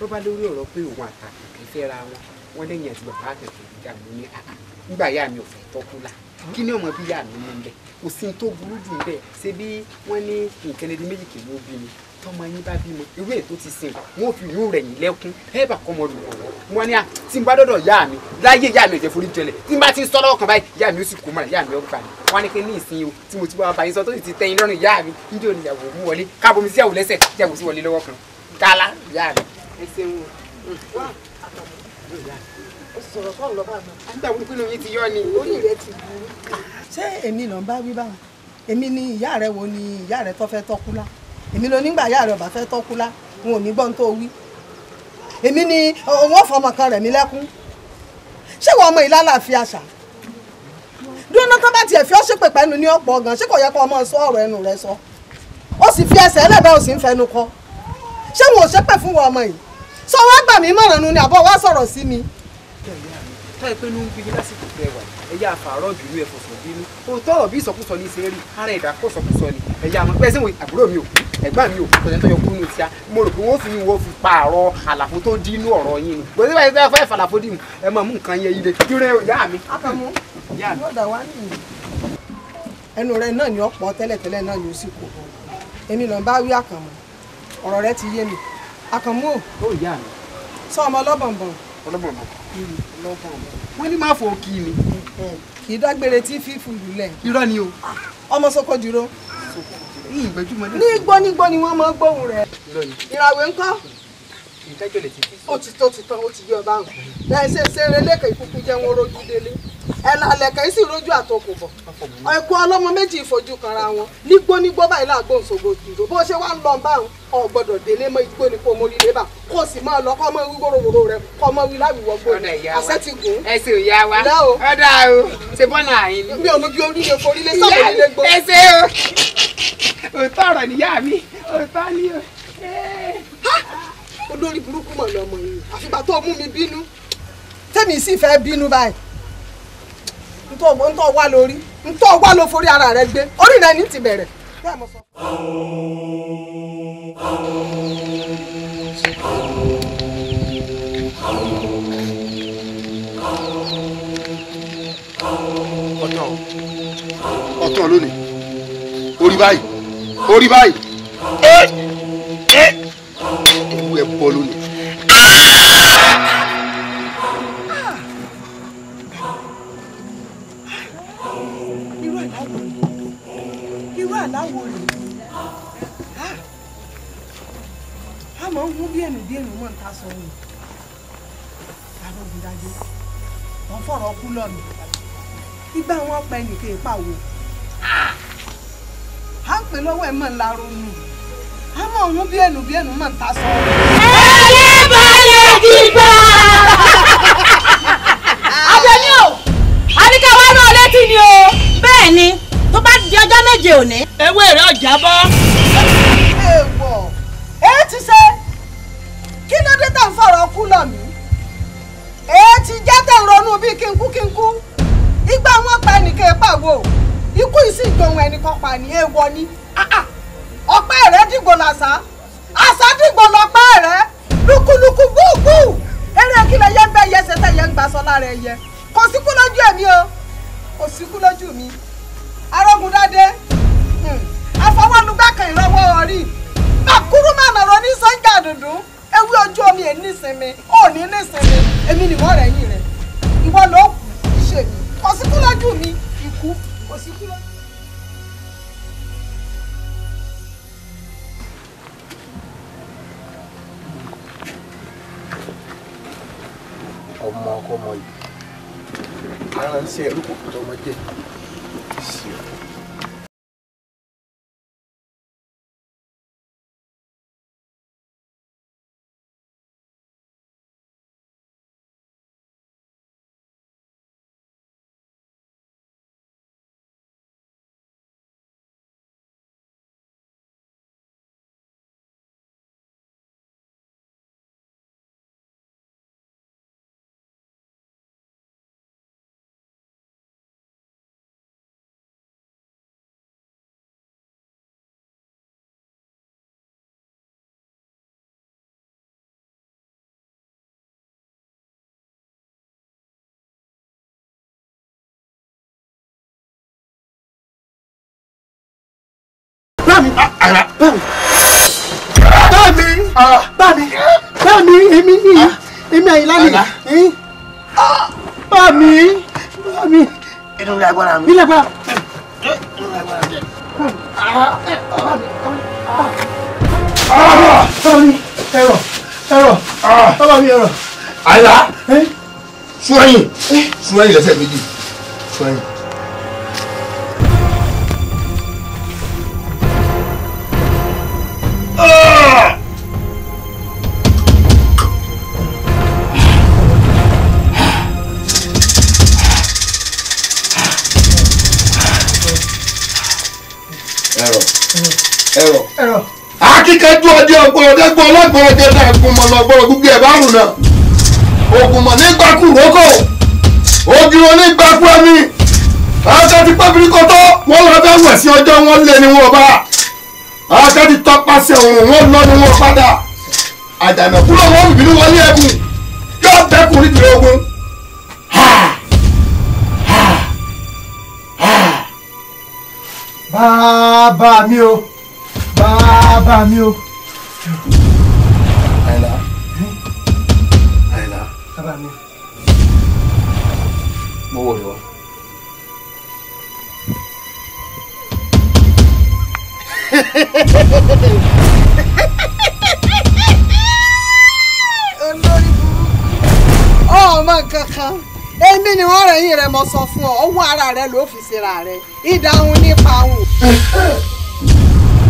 ló bá lórí ọ̀rọ̀ pé òun àtàkùn kì í wọn wọn lẹ́yìn àti bàbá àtàkùn ìjà mú ní ah, ah, nígbà yá mi ò fẹ́ tọ́kú là kí ni ọmọ bíyà mi mú bẹ kò sí tó burú jù bẹ ṣe bí wọn ní nǹkan méjì kì ló bí mi tọmọ yín bá bímọ irú ètò ti sìn wọn ò fi ìlú rẹ yìn lẹkún ẹ kọ ọmọ lù wọn ni à tí n bá dọdọ yá mi láyé yá mi ò jẹ forí jẹlẹ tí n bá ti sọdọ ọkàn báyìí yá mi ó sì kó mọra yá mi ó gbà mí wọn ni pé ní ìsìn o tí mo ti bá wa báyìí sọ tó sì ti tẹyin lọ́rùn yá mi níjó ni ìyàwó mú wọlé káàbọ̀ mi sí ìyàwó lẹ́sẹ̀ ìyàwó sí wọlé lọ́wọ́ kan kálá yá mi ẹ ṣeun o wá ó sọ̀rọ̀ fọ́ọ̀lù lọ́ba náà. àǹtà burúkú ni omi ti yọ ni. orí rẹ ti burú. ṣé èmi náà bá wí báwọn èmi ni ìyá rẹ wo ni ìyá rẹ tó fẹ́ tọ́kúlá èmi ló nígbà ìyá rẹ ọba fẹ́ tọ́kúlá n ò ní gbọ́n tó wí èmi ni òun ọ̀fọ̀ ọmọ kan rẹ̀ mí lẹ́kún ṣé ìwọ ọmọ ìlà láàfin àṣà dúró náà tó bá tiẹ̀ fi ọ́ ṣépè pẹ́nu ní ọ̀pọ̀ ọ̀gàn ṣé kò yẹ kó ọmọ sọ ọ̀rọ̀ ẹnu rẹ sọ ó sì fi ẹsẹ̀ ẹlẹ́bẹ̀ẹ́ ò sì ń fẹnu kọ́ ṣé wọn ò ṣépè fún wọn ọmọ yìí sọ wá gbà mí mọ̀ràn nu ni àbọ̀ wá sọ̀rọ̀ sí mi. tọ́ ẹ pé inú ń bí yín lásìkò tẹ wà ẹ̀yà àfàárọ̀ bínú ẹ̀ fòfò bínú òótọ́ ọ̀rọ̀ bí ìsọkúsọ ní sẹ́rí ara ẹ̀dá kó sọkúsọ ni ẹ̀yà àmọ́ pẹ́ẹ́sì wo àbúrò mi ò kú ẹ̀gbọ́n mi ò kú tọ́jà tó yọ kúrú tíá mo rò pé wọ́n fi wọ́n fi pààrọ̀ àlàfo tó dín inú ọ̀rọ̀ yín ni gbèsè báyìí bẹ́ẹ̀ fẹ́ẹ́ fàlàfo dì mí ẹ máa mú nǹkan yẹ ilé dúró ìyá mi. ẹnu rẹ náà ni ọ̀pọ̀ tẹ́lẹ̀tẹ́lẹ̀ náà yóò sì kó èmi lọ́n bá wí àkànmọ́ ọ̀rọ̀ rẹ ti yé mi àkànmú ò. ó ìyá mi. sọ ọmọ ọlọ́bọ̀nbọ̀n. ọlọ́bọ̀nbọ̀n. ọlọ́bọ̀nbọ̀n. wọ́n ní máa fọ òkì mi. kì í dágbére tí fífù lulẹ̀. irọ́ ni o. ọmọ sọkọ dúró. ní ìgbẹ́júmọ́ ní. ní gbọ́ ní gbọ́ ni wọ́n máa gbóhùn rẹ̀. ìràwé ńkọ́. ìdájọ́ lè ti fi. ó ti tó ti tán ó ti yé ọ báwọn. láì ṣe ṣeré lẹ́kẹ̀ẹ́ ìkúkú jẹun orójú délé ẹ̀là àlẹ̀kẹ́ sì rójú àtọkù bọ̀ ẹ̀kọ́ ọlọ́mọ méjì ìfojú kanra wọn nígbó nígbó báyìí láàgbó nsògbò dùdò bó ṣe wá ń lọ bá wọn ò gbọ́dọ̀ délé mọ́ igbó ni kò mọ ilé bá kó o sì máa lọ kọ́ mọ́ wí wóróworó rẹ kọ́ mọ́ wí láwùwọ́ gbòòrò àṣẹ ti gùn. ẹ sì yá wa ọ̀dà o ṣe bọ́nà àyìn ni. mi ò mú bí orí ṣe forí lé sọ́kùnrin ilé gbó. ẹ ṣe o òótọ́ ọ̀rọ̀ níyà mi òótọ́ ni o. olórí burúkú mọ̀ lọ́mọ yìí àfìgbà tó mú mi bínú tẹ́mi sì fẹ́ bínú báyìí ntọ wá lórí wá ló forí ara rẹ gbé orí rẹ ní ti bẹ̀rẹ̀. ọtọ lónìí orí báyìí orí báyìí. bẹ́ẹ̀ wọ́n pẹ́ nìkan ìpàwò á pè lọ́wọ́ ẹ̀ mọ̀ ńlá ronú á mọ̀ ọ̀hún bí ẹnu bí ẹnu mọ̀ ń ta sọ. ẹyẹ balẹ̀ gbígbà. àbẹ̀ní o àníkà wá rán ọ létí ni o. bẹ́ẹ̀ ni tó bá di ọjọ́ méje òní. ewé rẹ̀ ọjà bọ́. èèwọ̀ ẹ ti ṣe kí ló dé tá à ń fọ̀rọ̀ kú lọ mí. èé jẹ́ tẹ̀ ronú bí kínkú kínkú ìgbà wọn pa ẹnìkan ẹ pàwọ́ ikú ìsìn ìgbọ̀hún ẹnìkan pa ní èèwọ̀ ni ah, ah. ọpẹ́ rẹ dìgbò làṣà àṣà dìgbò lọpẹ́ rẹ lukuluku gbùgbù eré kílẹ̀ yẹn bẹ́ẹ̀ yẹ ṣẹ̀ṣẹ̀ yẹn ń gbà sọ lára ẹ̀yẹ kò síkú lójú ẹ̀mí o kò síkú lójú mi arógundádé hmm. afọwọ́nugbàkan ìrọwọ́ orí bàkúrú máa nàró ní sọ́jà dùndún ewé ojú omi ẹ̀ nísinmi ò ní nísinmi èmi nìwọ́ rẹ̀ yìí rẹ̀ ìwọ ló kù kò sí kú lójú mi ikú kò sí kú lójú. ọmọ ọkọ ọmọ yìí ara ń ṣe ẹrú kò tó ọmọ jẹ ìṣirò. ara. báàmì báàmì ah. báàmì èmi ah. èmi àyìnlá ni báàmì báàmì. inú ilé agbára mi. ilé agbára. inú ilé agbára mi. Ah. báàmì ẹ̀rọ ẹ̀rọ báàmì ẹ̀rọ. àyìnlá sùn ẹ̀yìn sùn ẹ̀yìn lẹ́sẹ̀ méjì sùn ẹ̀yìn. ẹ̀rọ akíkanjú ọdẹ ọgbọrọ dẹgbọ ọlọgbọrọ jẹta àgùnmọ lọgbọrọ gbogbo ẹ bárùn náà ògùnmọ nígbà kù rókò ògùnmọ nígbà kù ẹmí àtẹ̀tí pẹ́bìrì kọ́tọ́ wọn lọ bẹ́ẹ̀ wẹ̀ sí ọjọ́ wọn lé ní wọn bá àtẹ̀tí tọpasẹ̀ òrùn wọn lọ ní wọn padà àjànà kúrò wọn bìbí wọlé ẹkùn yóò bẹ́kùn nídìí ogun. bàbá mi o bàbá mi o. àyìnlá àyìnlá. bàbá mi. mo wọ ìwà. ọmọ kankan èmi ni wọn rẹ yín rẹ mo sọ fún ọ owó ara rẹ ló fi ṣera rẹ ìdáhùn nípa òun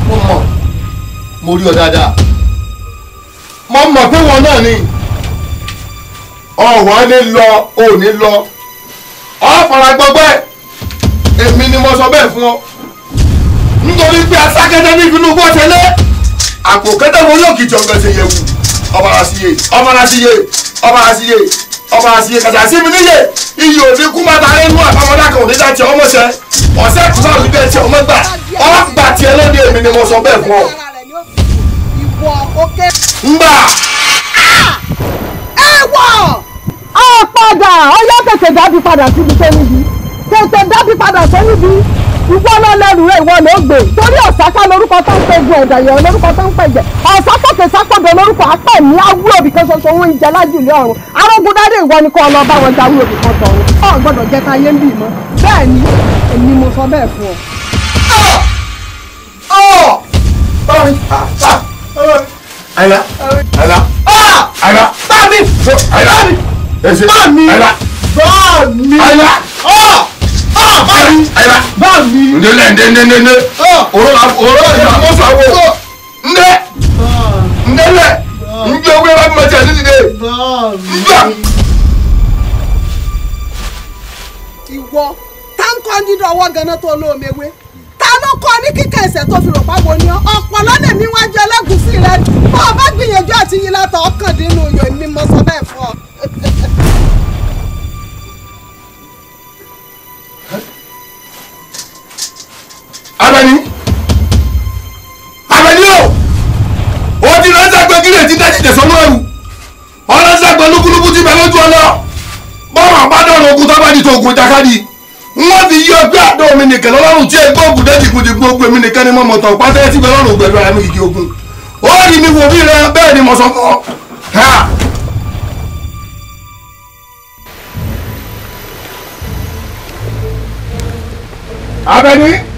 mo mọ̀ mo rí ọ dáadáa mo mọ̀ pé wọn náà ni ọ̀wá lè lọ òní lọ ọ fara gbọgbẹ́ èmi ni mo sọ bẹ́ẹ̀ fún ọ nítorí pé asákẹ́tẹ́ ní ìbínú bọ́ tẹ́lẹ̀ àpò kẹ́tẹ́ mo yóò kìí jọ̀ǹgàn ṣe yẹ̀wù ọba àṣìyè ọba àṣìyè ọba àṣìyè ọba àṣìyè kàtà sí mi níyè iyì òní kú má ta ẹnu àbámọ́dá kan òní dá tiẹ̀ ọmọ ṣẹ́ ọ̀sẹ̀ tó sọ̀rọ̀ bíbẹ̀ tí ọmọ gbà ọ̀gbà tiẹ̀ lóde èmi ni mo sọ bẹ́ẹ̀ fún ọ. ngbà. ẹ wọ. a padà ọyọ tètè dábì padà síbi tó níbi tètè dábì padà tó níbi ìwọ náà lẹ́rù rẹ̀ ìwọ ló gbè torí ọ̀sáká lórúkọ tó ń pe egun ẹ̀dà yẹn lórúkọ tó ń pe jẹ ọ̀sáká kẹsàkọ̀dọ̀ lórúkọ apẹ̀ ní awúrò bí kan ṣoṣo òun ìjẹ́ lájùlẹ̀ ọ̀run arógúndárẹ̀ ìwọ ni kò lọ bá wọn jáwúrò bí kan tọ̀hún ọ̀ gbọ́dọ̀ jẹ́ táyé ń bì mọ́ bẹ́ẹ̀ ni èmi mo sọ bẹ́ẹ̀ fún ọ. àyà àyà àyà bá mi bá mi bá mi bá mi àyà parí àyíká. báàmì. ndélé ndéndéndé. òró la òró la ó sọ ìwọ táǹkọ́ ń dídọ̀ ọwọ́ tó olómi ewé ta ló kọ́ ní kíkẹ́ ẹsẹ̀ tó fi rò wo ni ọ́ ọ̀pọ̀lọ́ lè mí wájú ẹlẹ́gùsí rẹ bọ́ ọ bá gbìyànjú àti yìí látọ̀ ọkàn dínú yòó ni mo sọ bẹ́ẹ̀ fún ni àbẹ̀ní o ó ti lọ sàgbẹ́ kílè tí dájú tẹ̀sán ló ẹrù ọlọ́ sàgbẹ́ lúkúlúkú ti bẹ̀ lójú ọlọ́ bọ́ọ̀mù àbádọ́rùn ogun tó bá di tó ogun jákàdí wọ́n fi yí ọgbẹ́ àdó mi nìkan lọ́rùn tí egbò ògùn dé dìgbò dìgbò ogun mi nìkan ni mo mọ̀ tán pátá ẹtí gbẹlọ́rùn ògbẹ̀lú ara mi kìkì ogun ó rí mi wò bí rẹ bẹ́ẹ̀ ni mo sọ fún Abẹ́ni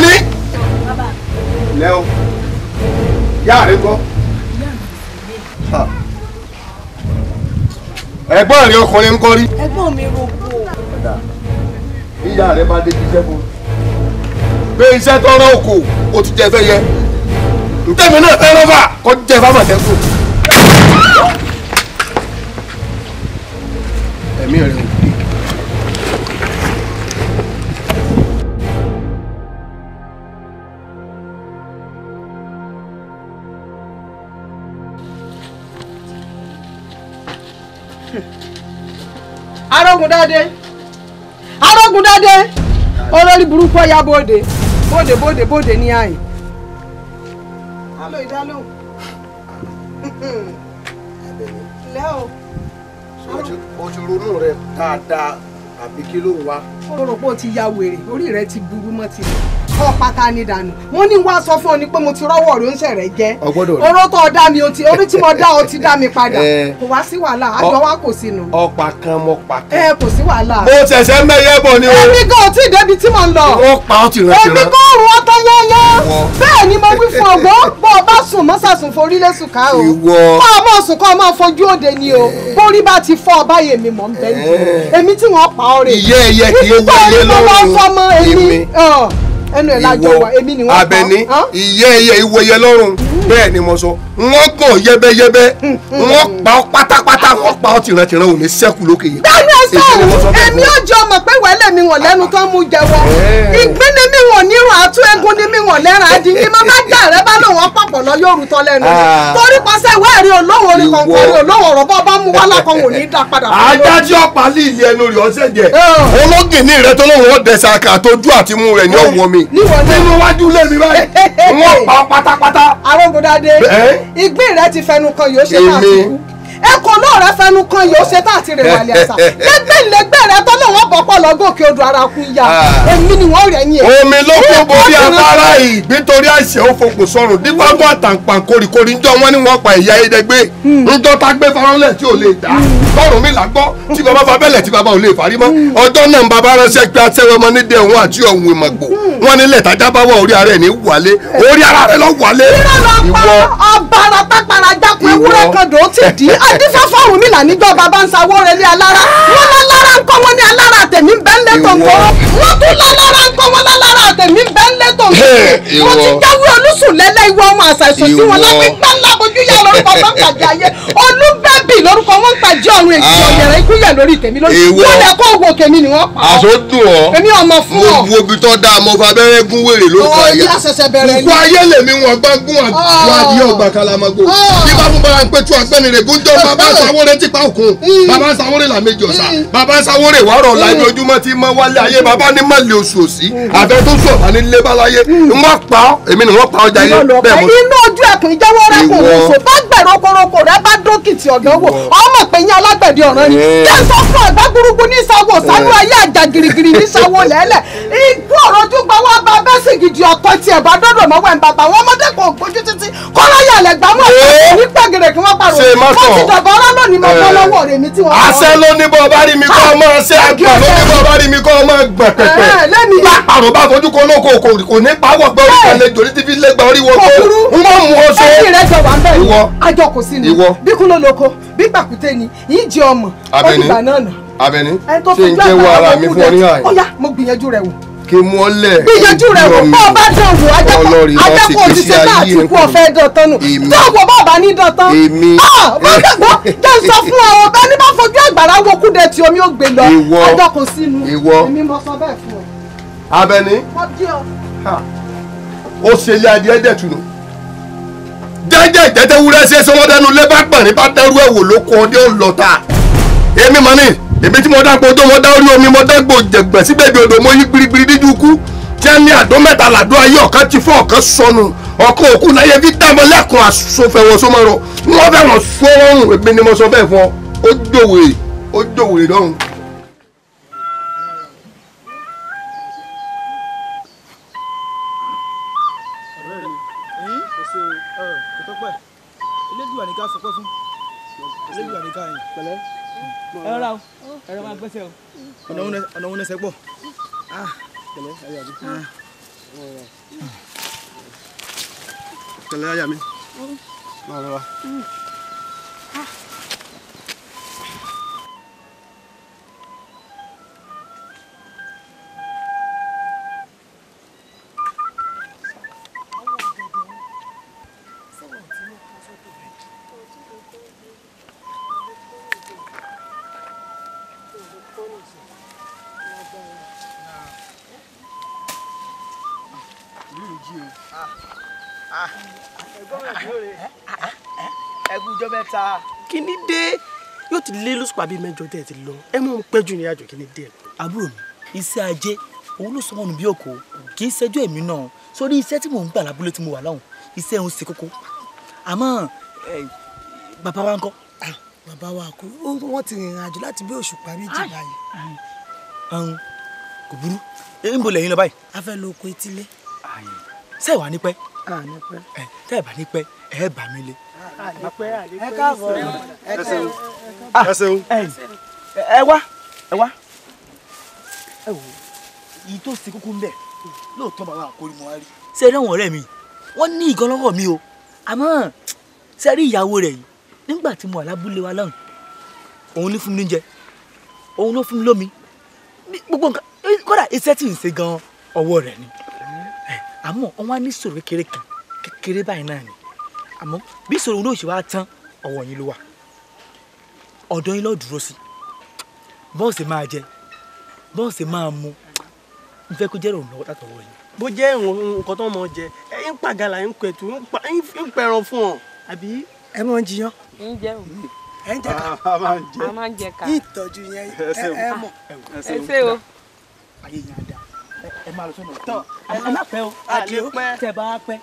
ní. lẹ́ o yá rẹ gbọ́. ẹ̀gbọ́n rẹ ọkùnrin ń kọ́rí. ẹ̀gbọ́n mi rògbò. ìyá rẹ bá dé iṣẹ́ fún un. pé iṣẹ́ tọrọ òkò o ti jẹ fẹ́ yẹ. ntẹ́mi náà fẹ́ rọ́bà kọ́ jẹ fáwọn àtẹ́kùn. ẹ̀mí rẹ o. arógun dáadé arógun dáadé olórí burúkú ọ̀yá bòde bòde bòde bòde ní àyè. alo ìdálò lẹ́ o. o ronú rẹ dáadáa àbí kí ló wá. o rò pé o ti ya wèrè orí rẹ ti burú mọ́ tirẹ̀ sọ pátá ni dànù mo ní wá sọ fún ọ ni pé mo ti rọ́wọ́ rẹ̀ oúnjẹ rẹ̀ jẹ́ oró tó dá mi ti orí tí mo dá ọ ti dá mi padà kò wá sí wàhálà àjọ wa kò sí nu. ọ̀pá kan mo pa kan. ẹ kò sí wàhálà. mo tẹ̀sẹ̀ mẹ́yẹ́ bọ̀ ni o. èmi gan ò tí ì débi tí mo ń lọ. wọ́n pa ọ́ tìrán tìrán. èmi gan òrùn ọtán yẹ́yẹ́. bẹ́ẹ̀ ni mo wí fún ọgbọ́n bọ́ bá sùn mọ́sàsùn forí lẹ́sùn ká ẹnu ẹ̀ lájọ wa èmi ni wọ́n kọ́ Àbẹ̀ní ìyẹ́ ẹyẹ ìwọ ẹyẹ lọ́rùn bẹ́ẹ̀ ni mo sọ wọ́n gàn yẹ́bẹ́yẹ́bẹ́ hmm. wọ́n pa ọ́ pátápátá wọ́n pa ọ́ tìrantìran ò ní sẹ́kù lókè yìí. bẹ́ẹ̀ni ẹ sọ̀rọ̀ èmi ò jọ mọ̀ pé wẹ́lẹ̀ mi wọ̀n lẹ́nu tó ń mu jẹ́wọ́ ìgbín ni mi wọ̀n nírun àtú egun ni mi wọ̀n lẹ́ran adi ni mo bá dà rẹ bá lòun ọ̀pọ̀pọ̀ lọ yóò rutọ lẹ́nu ah. torí pàṣẹ ìwé ẹ̀rí olóhùn orí kọ̀ọ̀kan rí olóhùn ọ̀rọ̀ bọ́ bá mú wá lákan wò ní dá padà. adájọ́ pàlí ìlẹ̀ lórí ọ̀sẹ̀ jẹ eh. ológìnní rẹ tó lóun ọ̀dẹ̀sà àkàtọ́jú àtimú rẹ̀ ní eh. ọ̀wọ́ mi mi nínú wájú ilé mi báyìí wọ́n pa pátápátá. arógundadé ìgbín rẹ ti fẹnu kan yóò ṣe máa fi kú ẹkọ náà rẹ fẹnu kan yìí ó ṣe tá àti rẹ wàlẹ àṣà lẹgbẹ ìlẹgbẹ rẹ tọ wọn bọpọ lọgbọn òkè odò ara kú ya ah. èmi ni wọn rẹ yín. omi ló kó borí afárá yìí nítorí àìsàn ó fokùn sọrùn dípàgbọ́ àtàǹpà kórìkórì ńjọ wọn ni wọn pa ìyá Ẹdẹgbẹ́ hmm. ńjọ tá gbé faránlẹ̀ tí ò lè dá tọrùn hmm. mi là gbọ́ tí hmm. baba fa bẹ́lẹ̀ tí baba ò lè fárí mọ́ ọjọ́ náà baba ránṣẹ́ pé atẹ́wọ́ ọmọ nídìí ẹ̀hún àti ọ̀hún ìmọ̀gbò wọn nílẹ̀ tájá bá wà orí ara ẹ̀ ní wálé orí ara rẹ̀ lọ wálé. ìwọ ọba ara tápara jákun ewúrẹ́ kan dòó ti dì í adífá fọ́ọ̀rùn mi là nígbà bàbá ń sawó rẹ ní alára wọn lálára ń wọn ní alára tèmi bẹ́ẹ̀ ń lé tún lálára ń wọn lálára tèmi bẹ́ẹ̀ ń lé ti jáwé olùsùn lẹ́lẹ́ ìwọ ọmọ àṣà ìsọ̀ sí wọn lábẹ́ gbáńlá yá lórúkọ wọn tàjẹ́ ayé olúbẹ́bì lórúkọ wọn tàjẹ́ ọ̀run èsì ah. ọ̀yẹ̀rẹ̀ ikúyẹ̀ lórí tèmi bàbá sanwó ti pa òkun mm. bàbá Sanwó-Olé méjì ọ̀sà mm. bàbá Sanwó-Olé la ní ojúmọ́ tí mọ́ wálé ayé bàbá ní má lè oṣù òsì mm. àfẹ́ tó sọ̀ bá ní lé báláyé wọ́n pa ọ́ èmi ni wọ́n pa ọjà yẹn bẹ́ẹ̀ mọ́. inú ojú ẹkùn ìjọwọ́ rẹ kò wò sọ bá gbẹ̀rọ koroko rẹ bá dókìtì ọ̀gán wò ọmọ pé yín alágbẹ̀dẹ ọ̀ràn ni kí eh. n sọ fún ọ̀gbá gbúrúgbú ní sago eh. sanu ayé àjà girigiri ní sago lẹ́lẹ̀ ikú ọ̀rọ̀ ojú gba bá bẹ́ẹ̀ sì gidi ọ̀tọ̀ tiẹ̀ bá dọ́dọ̀ mọ́wẹ́ ń bàbá wọn ọmọdé kò gbójú títí kọ́lá yàlẹ̀ gbàmọ́ eh. ní pẹ́gẹ̀rẹ̀ kí wọ́n pariwo ìjọba ọlọ́lọ́ ni mo bọ́ eh. lọ́wọ́ rẹ̀ mi tí wọ́n. àṣẹ ló ní bọ́ bá rí mi kọ́ ọmọ ah, ṣe àgbà ló ní bọ́ bá rí mi kọ́ ọmọ gbẹ̀ pẹ̀pẹ̀. Ah, bá àrò bá fojú kan lóko kò ní pawọ́ gbọ́ eh. orí kan lè jòlí tí fi lẹ́gbàá orí wọ́n tó ń wọ́n mú ọ so. ẹbí rẹ jọ wà ń bẹ̀ yìí kò sí ni bí kúló lóko bí pàkúté ni yìí jẹ ọmọ ó dìgbà náà nà. Abẹ́ní ṣe ń jẹ́wọ́ ara mi fún ọ kí mú ọ lẹ̀. gbìyànjú rẹ wò bó o bá dán wò ajẹ́kọ̀ọ́ òṣìṣẹ́ náà ti kú ọ̀fẹ́ dọ̀tán nù tó wò bá ọ̀bá ní dọ̀tán. èmi ọ̀ ah, bá dẹ̀gbọ́ jẹ́ sọ fún ọ ọba ní bá fojú àgbàrá wo kúdẹ tí omi ó gbé lọ ọjọ́kùn sínú èmi mo sọ bẹ́ẹ̀ fún ọ. Abẹ́ní ó ṣe ilé adìẹ dẹ̀tùnú jẹ́jẹ́ ìtẹ́tẹ́wúrẹ́ ṣe sọmọdẹ́nu lẹ́bàá pẹ̀rín bá dẹ́rú ẹ̀wò ló kọ́ ọdẹ ó lọ ta èmi mọ̀ ni èmi tí mo dáko tó mo dá orí omi mo dáko jẹ̀gbẹ̀ síbẹ̀ bí odò mo yí gbirigbiri díjú kú tí a ní àdó mẹ́ta làdó ayé ọ̀kan ti fọ́ ọ̀kan sọnù ọ̀kan òkú láyé fi dábọ̀ lẹ́kùn àsofẹ̀wọ̀ sọmọ́rọ̀ wọ́n fẹ́ràn sọ́rọ̀ èmi ni mo sọ bẹ́ẹ̀ fún ọ ó dòwe ó dòwe lọ́rùn. 20 anaona anaona sebo ah kale haya bi ah kale haya mi Halo. Mm. mẹ́ta. kíní dé yóò ti lé lóṣù pàbí mẹ́jọ tẹ ẹ ti lọ ẹ mọ pẹ jù ní àjò kíní dé. àbúrò mi iṣẹ́ ajé òun ló sọ mọ́nu bí òkò kì í ṣẹ́jú èmi náà sórí iṣẹ́ tí mò ń gbà lábúlé tí mo wà láwọn iṣẹ́ ń ṣe kókó àmọ́ bàbá wa ń kọ́. bàbá wa kú wọ́n ti rìnrìn àjò láti bí oṣù parí jì báyìí. kò burú ń bolẹ̀ yín lọ báyìí. a fẹ́ lọ oko etílé. sẹ́ẹ̀ wà ní tẹ́ ẹ̀ bá ní pẹ́ bá mi lé ẹ káàbọ̀ ẹ ṣeun ẹ ṣeun ẹ wá ẹ wá ẹ wò yìí tó ṣe kókó ń bẹ lóòótọ́ bàbá àkórí mo wá rí. ṣé eré àwọn ọ̀rẹ́ mi wọ́n ní nǹkan lọ́wọ́ mi o àmọ́ ṣe rí ìyàwó rẹ̀ yìí nígbà tí mo wà lábúlé wa lọ́hùn òun ní fún mi lóúnjẹ òun ló fún mi lómi gbogbo nǹkan kódà iṣẹ́ tí ń ṣe gan-an ọwọ́ rẹ̀ ni àmọ́ wọ́n á ní sọ̀rọ̀ kékeré kan kékeré báyìí náà ni àmọ́ bí ìṣòro náà ṣe wá tán ọwọ́ yín ló wà ọ̀dọ̀ yín lọ́ọ́ dúró sí bọ́ọ̀sì máa jẹ bọ́ọ̀sì máa mu n fẹ́ kó jẹ́ ìròyìn lọ́wọ́ látọwọ́ yín. bó jẹ́ nǹkan tó mọ̀ jẹ ẹ ń pàgàlà ń pẹ̀tù ń pẹran fún ọ àbí. ẹ mọ̀ ń jiyàn. ń jẹ́ òun ẹ ń jẹ ká a máa ń jẹ a máa ń jẹ ká ìtọ́jú yẹn ẹ mọ̀ ẹ ṣe o. ayé yẹn á dáa ẹ máa lọ sọ́nà tán ẹ má pẹ́ o àlè pẹ́ tẹ bá pẹ́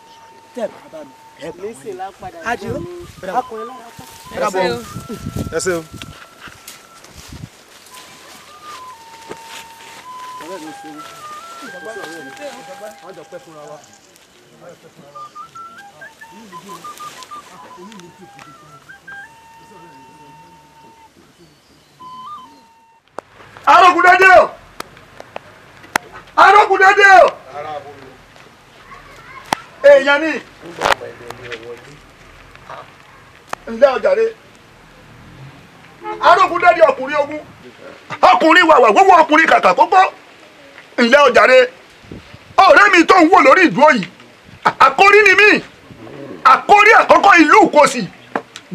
tẹ bá bá mi lẹ́sìn lápadà àjò akọ̀ẹ́ lápá. ẹ káàbọ̀ ẹ ṣe o. ọ̀rẹ́ mi ṣe wọ́n jọ pẹ́ fúnra wa. arógun dédé o arógun dédé o èèyàn ni ǹlẹ́ ọ̀jàre arógun dẹ́ni ọkùnrin ogun ọkùnrin wàwà wọ́wọ́ ọkùnrin kàkà kókó ǹlẹ́ ọ̀jàre ọ̀rẹ́ mi tó ń wò lórí ìdúró yìí àkórí ni mí àkórí àkọ́kọ́ ìlú kòsì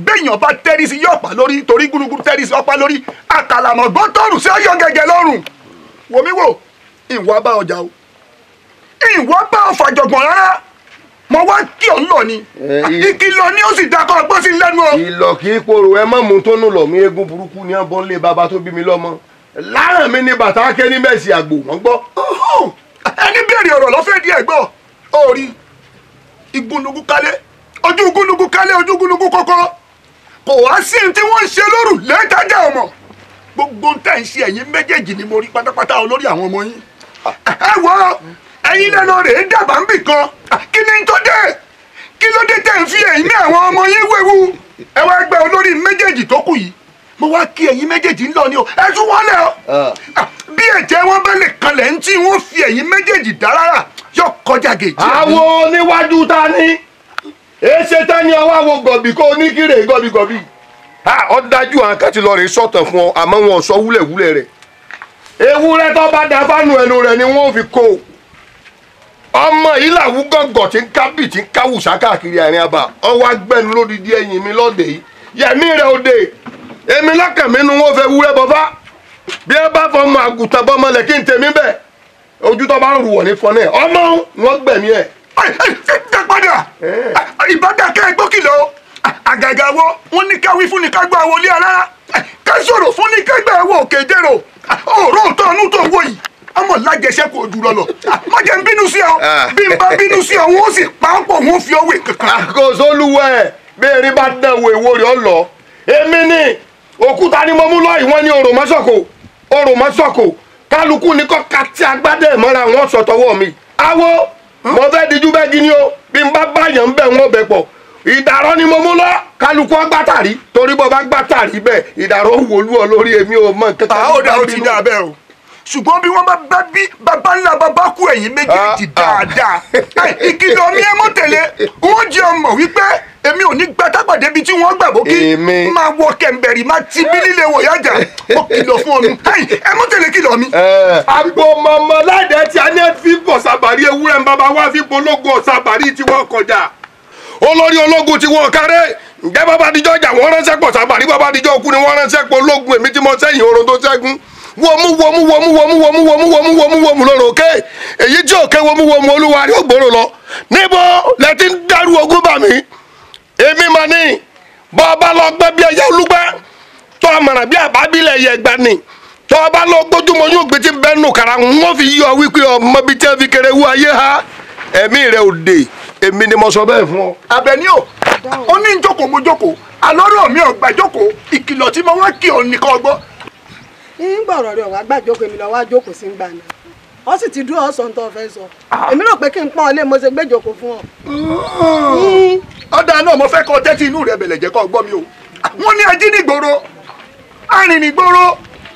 béèyàn bá tẹ́rí sí yọ̀pá lórí torí gúrugúru tẹ́rí sí ọ̀pá lórí àkàlàmọ̀gbọ́ tọ̀rùn sí ọyọ gẹ́gẹ́ lọ́rùn wòmí wò ìwà bá ọjà o ìwà bá ọfàjọ̀gbọ̀n rárá mo wá kí ọ lọ ni ìkìlọ̀ ni ó sì dakọ ọgbọ́n sí lẹ́nu o. ìlọ kì í korò ẹ mọ̀ mú tónú lọ mí eégún burúkú ní ọbọ̀ ńlẹ̀ bàbá tó bí mi lọ́mọ láràn mi ní bàtà ké ní mẹ́sì àgbò wọ́n gbọ́. ẹni béèrè ọ̀rọ̀ lọ́fẹ̀ẹ́ díẹ̀ gbọ́ ó rí igúnnugú kálẹ̀ ojú igúnnugú kálẹ̀ ojú igúnnugú kọ́kọ́rọ́ kò wá sí ní tí wọ́n ń ṣe lóru lẹ́tàjà ọmọ gbogbo ń tẹ̀ ń ṣe ẹ̀yin méjèèjì ni mo rí pátápátá olórí àwọn ọmọ yín ẹ wọ́ọ́ ẹ̀yin náà lọ rèé dàgbà ń bì kan ah, kí ni tó dé kí ló dé tẹ̀ ń fi ẹ̀yin ní àwọn ọmọ yín wéwu ẹ wá gbẹ olórí méjèèjì tó kù yìí mo wá kí ẹ̀yin méjèèjì ńlọ ni o ẹ tún wọn lẹ o ah. Ah, bí ẹ̀jẹ̀ wọn bá lè kanlẹ̀ ń tí wọ́n fi ẹ̀yin méjèèjì dá rárá yóò kọjá gèjì. àwọn oníwájú ta ni èsè ta ni ọwọ́ àwọn gọ̀bì kó oníkìrè gọ̀bìgọ̀bì ọ dájú àwọn kan lọ rè sọ̀tàn fún ọ àmọ́ wọn sọ wúlẹ̀wúlẹ̀ rẹ̀ ewúrẹ́ tó bá da fánù ẹnu rẹ̀ ni wọ́n fi kó o ọmọ yìí làwù gọ̀ǹgọ̀ tí ń kábì tí ń káwùsá káàkiri àárín abà ọwọ́ agbẹ́nu lódìdí ẹ̀yìn mi lọ́dẹ yìí yẹ̀mí rẹ̀ òde èmi lọ́kàn mi nu wọn fẹ́ wúrẹ́ bọ́fá bí ẹ bá fọmọ àgùntàn bọ́mọ lẹ̀ kí n tèmi bẹ̀ ojú tó bá ń wọ̀ ní fọ́nà ẹ̀ ọmọ wọn gbẹ̀mí ẹ̀. ẹ padà ìbádà ká ẹgbó kìlọ̀ àgàgà wo wọn ní ká wí fún ní ká gbọ́ àwọn olé alára ká sọ̀rọ̀ fún ní ká gbà òkè dèrò òòró ọ̀nù tó wọ yìí àmọ́ lájẹsẹ́kù ojú lọ lọ ah, má jẹ́ n bínú sí ọ ah. bí n bá bínú sí ọ wọ́n sì pa ọ́ pọ̀ wọ́n fi ọwọ́ kankan. àkóso ah, olúwẹ̀ béèrè bá dẹ̀wò ìwo rẹ̀ ọ lọ èmi ni òkúta ni mo mú lọ ìwọ́n ní orò mọ́sọ̀kò orò mọ́sọ̀kò kálukú ni kò kàtí agbádẹ́ ìmọ̀ra wọn sọ̀tọ̀wọ́ mi awo mo fẹ́ dijú bẹ́ẹ̀ gini o bí n bá báyàn ń bẹ̀ wọn bẹ̀ pọ̀ ìdàrọ́ ni mo mú lọ kálukú agbátàrí torí bọ́ bá gbátàrí bẹ́ẹ̀ ìdàrọ́ wòlú lórí èmi ò mọ̀ kankan. àwọn ọ̀dà ó ti dà bẹ́ẹ̀ o ṣùgbọ́n bí wọ́n bá bá bí bàbá ńlá bàbá kú ẹ̀yìn méjèèjì ah, ah. dáadáa ìkìlọ̀ mi ẹ mọ́ tẹ̀lé wọ́n jẹ́ ọmọ wípé èmi ò ní gba tápàdé ibi tí wọ́n gbà bókí máa wọ kẹ̀m̀bẹ̀rì máa ti bí líle wò yájà ó kìlọ̀ fún ọnu ẹ mọ́ tẹ̀lé kìlọ̀ mi. àgbo eh. mọ̀mọ́ ládẹ tí a ní fi ń bọ̀ sàbàrí ewúrẹ́ ń bàbá wa fi pológo sàbàrí tí wọ́n kọjá olórí ológun tí wọ́n kárẹ́ ǹjẹ́ bàbá àdìjọ́ ìjà wọ́n ránṣẹ́ pọ̀ sàbàrí bàbá àdìjọ́ òkú ni wọ́n ránṣẹ́ pọ̀ ológun èmi tí mo sẹ́yìn oorun tó ṣẹ́gun wọmú wọmú wọmú wọmú wọmú wọmú wọmú wọmú wọmú lọ́rọ̀ òkè èyí tí òkè wọmú wọmú olúwa yóò gbòòrò lọ níbo lẹ ti ń dárú ogún bà mí èmi mà ní bọ́ ọba lọ gbẹ́ bí ẹyẹ olúgbẹ́ tọ́ àmàrà bí àbábílẹ̀ ẹ̀yẹ ẹgbà ni tọ́ ọba lọ gbójúmọ́ yóò gbé tí ń bẹ́ẹ̀ nù kàrà wọ́n fi yọ wípé ọmọ bíi tí wọ́n fi kéré wú ayé ha ẹ̀mí rẹ̀ òde èmi ni mo sọ bẹ́ẹ̀ fún ọ. Àbẹ̀ní o ó ní ìjókòó mo jókòó àlọ́rọ̀ mi ò jókòó ìkìlọ̀ tí mo wá kí ọ nìkan ọgbọ́n ń gbọ́ ọ̀rọ̀ rẹ̀ wá gbàjókòó èmi lọ́wọ́ àjókòó sí gbà náà ọ sì ti dúró tó fẹ́ sọ èmi rò pé kí n pọ́n ọ mo ṣe fún ọ. ọ̀dà náà mo fẹ́ kọ́ tẹ́tí inú rẹ̀ bẹ̀lẹ̀ jẹ́ kọ́ gbọ́ mi o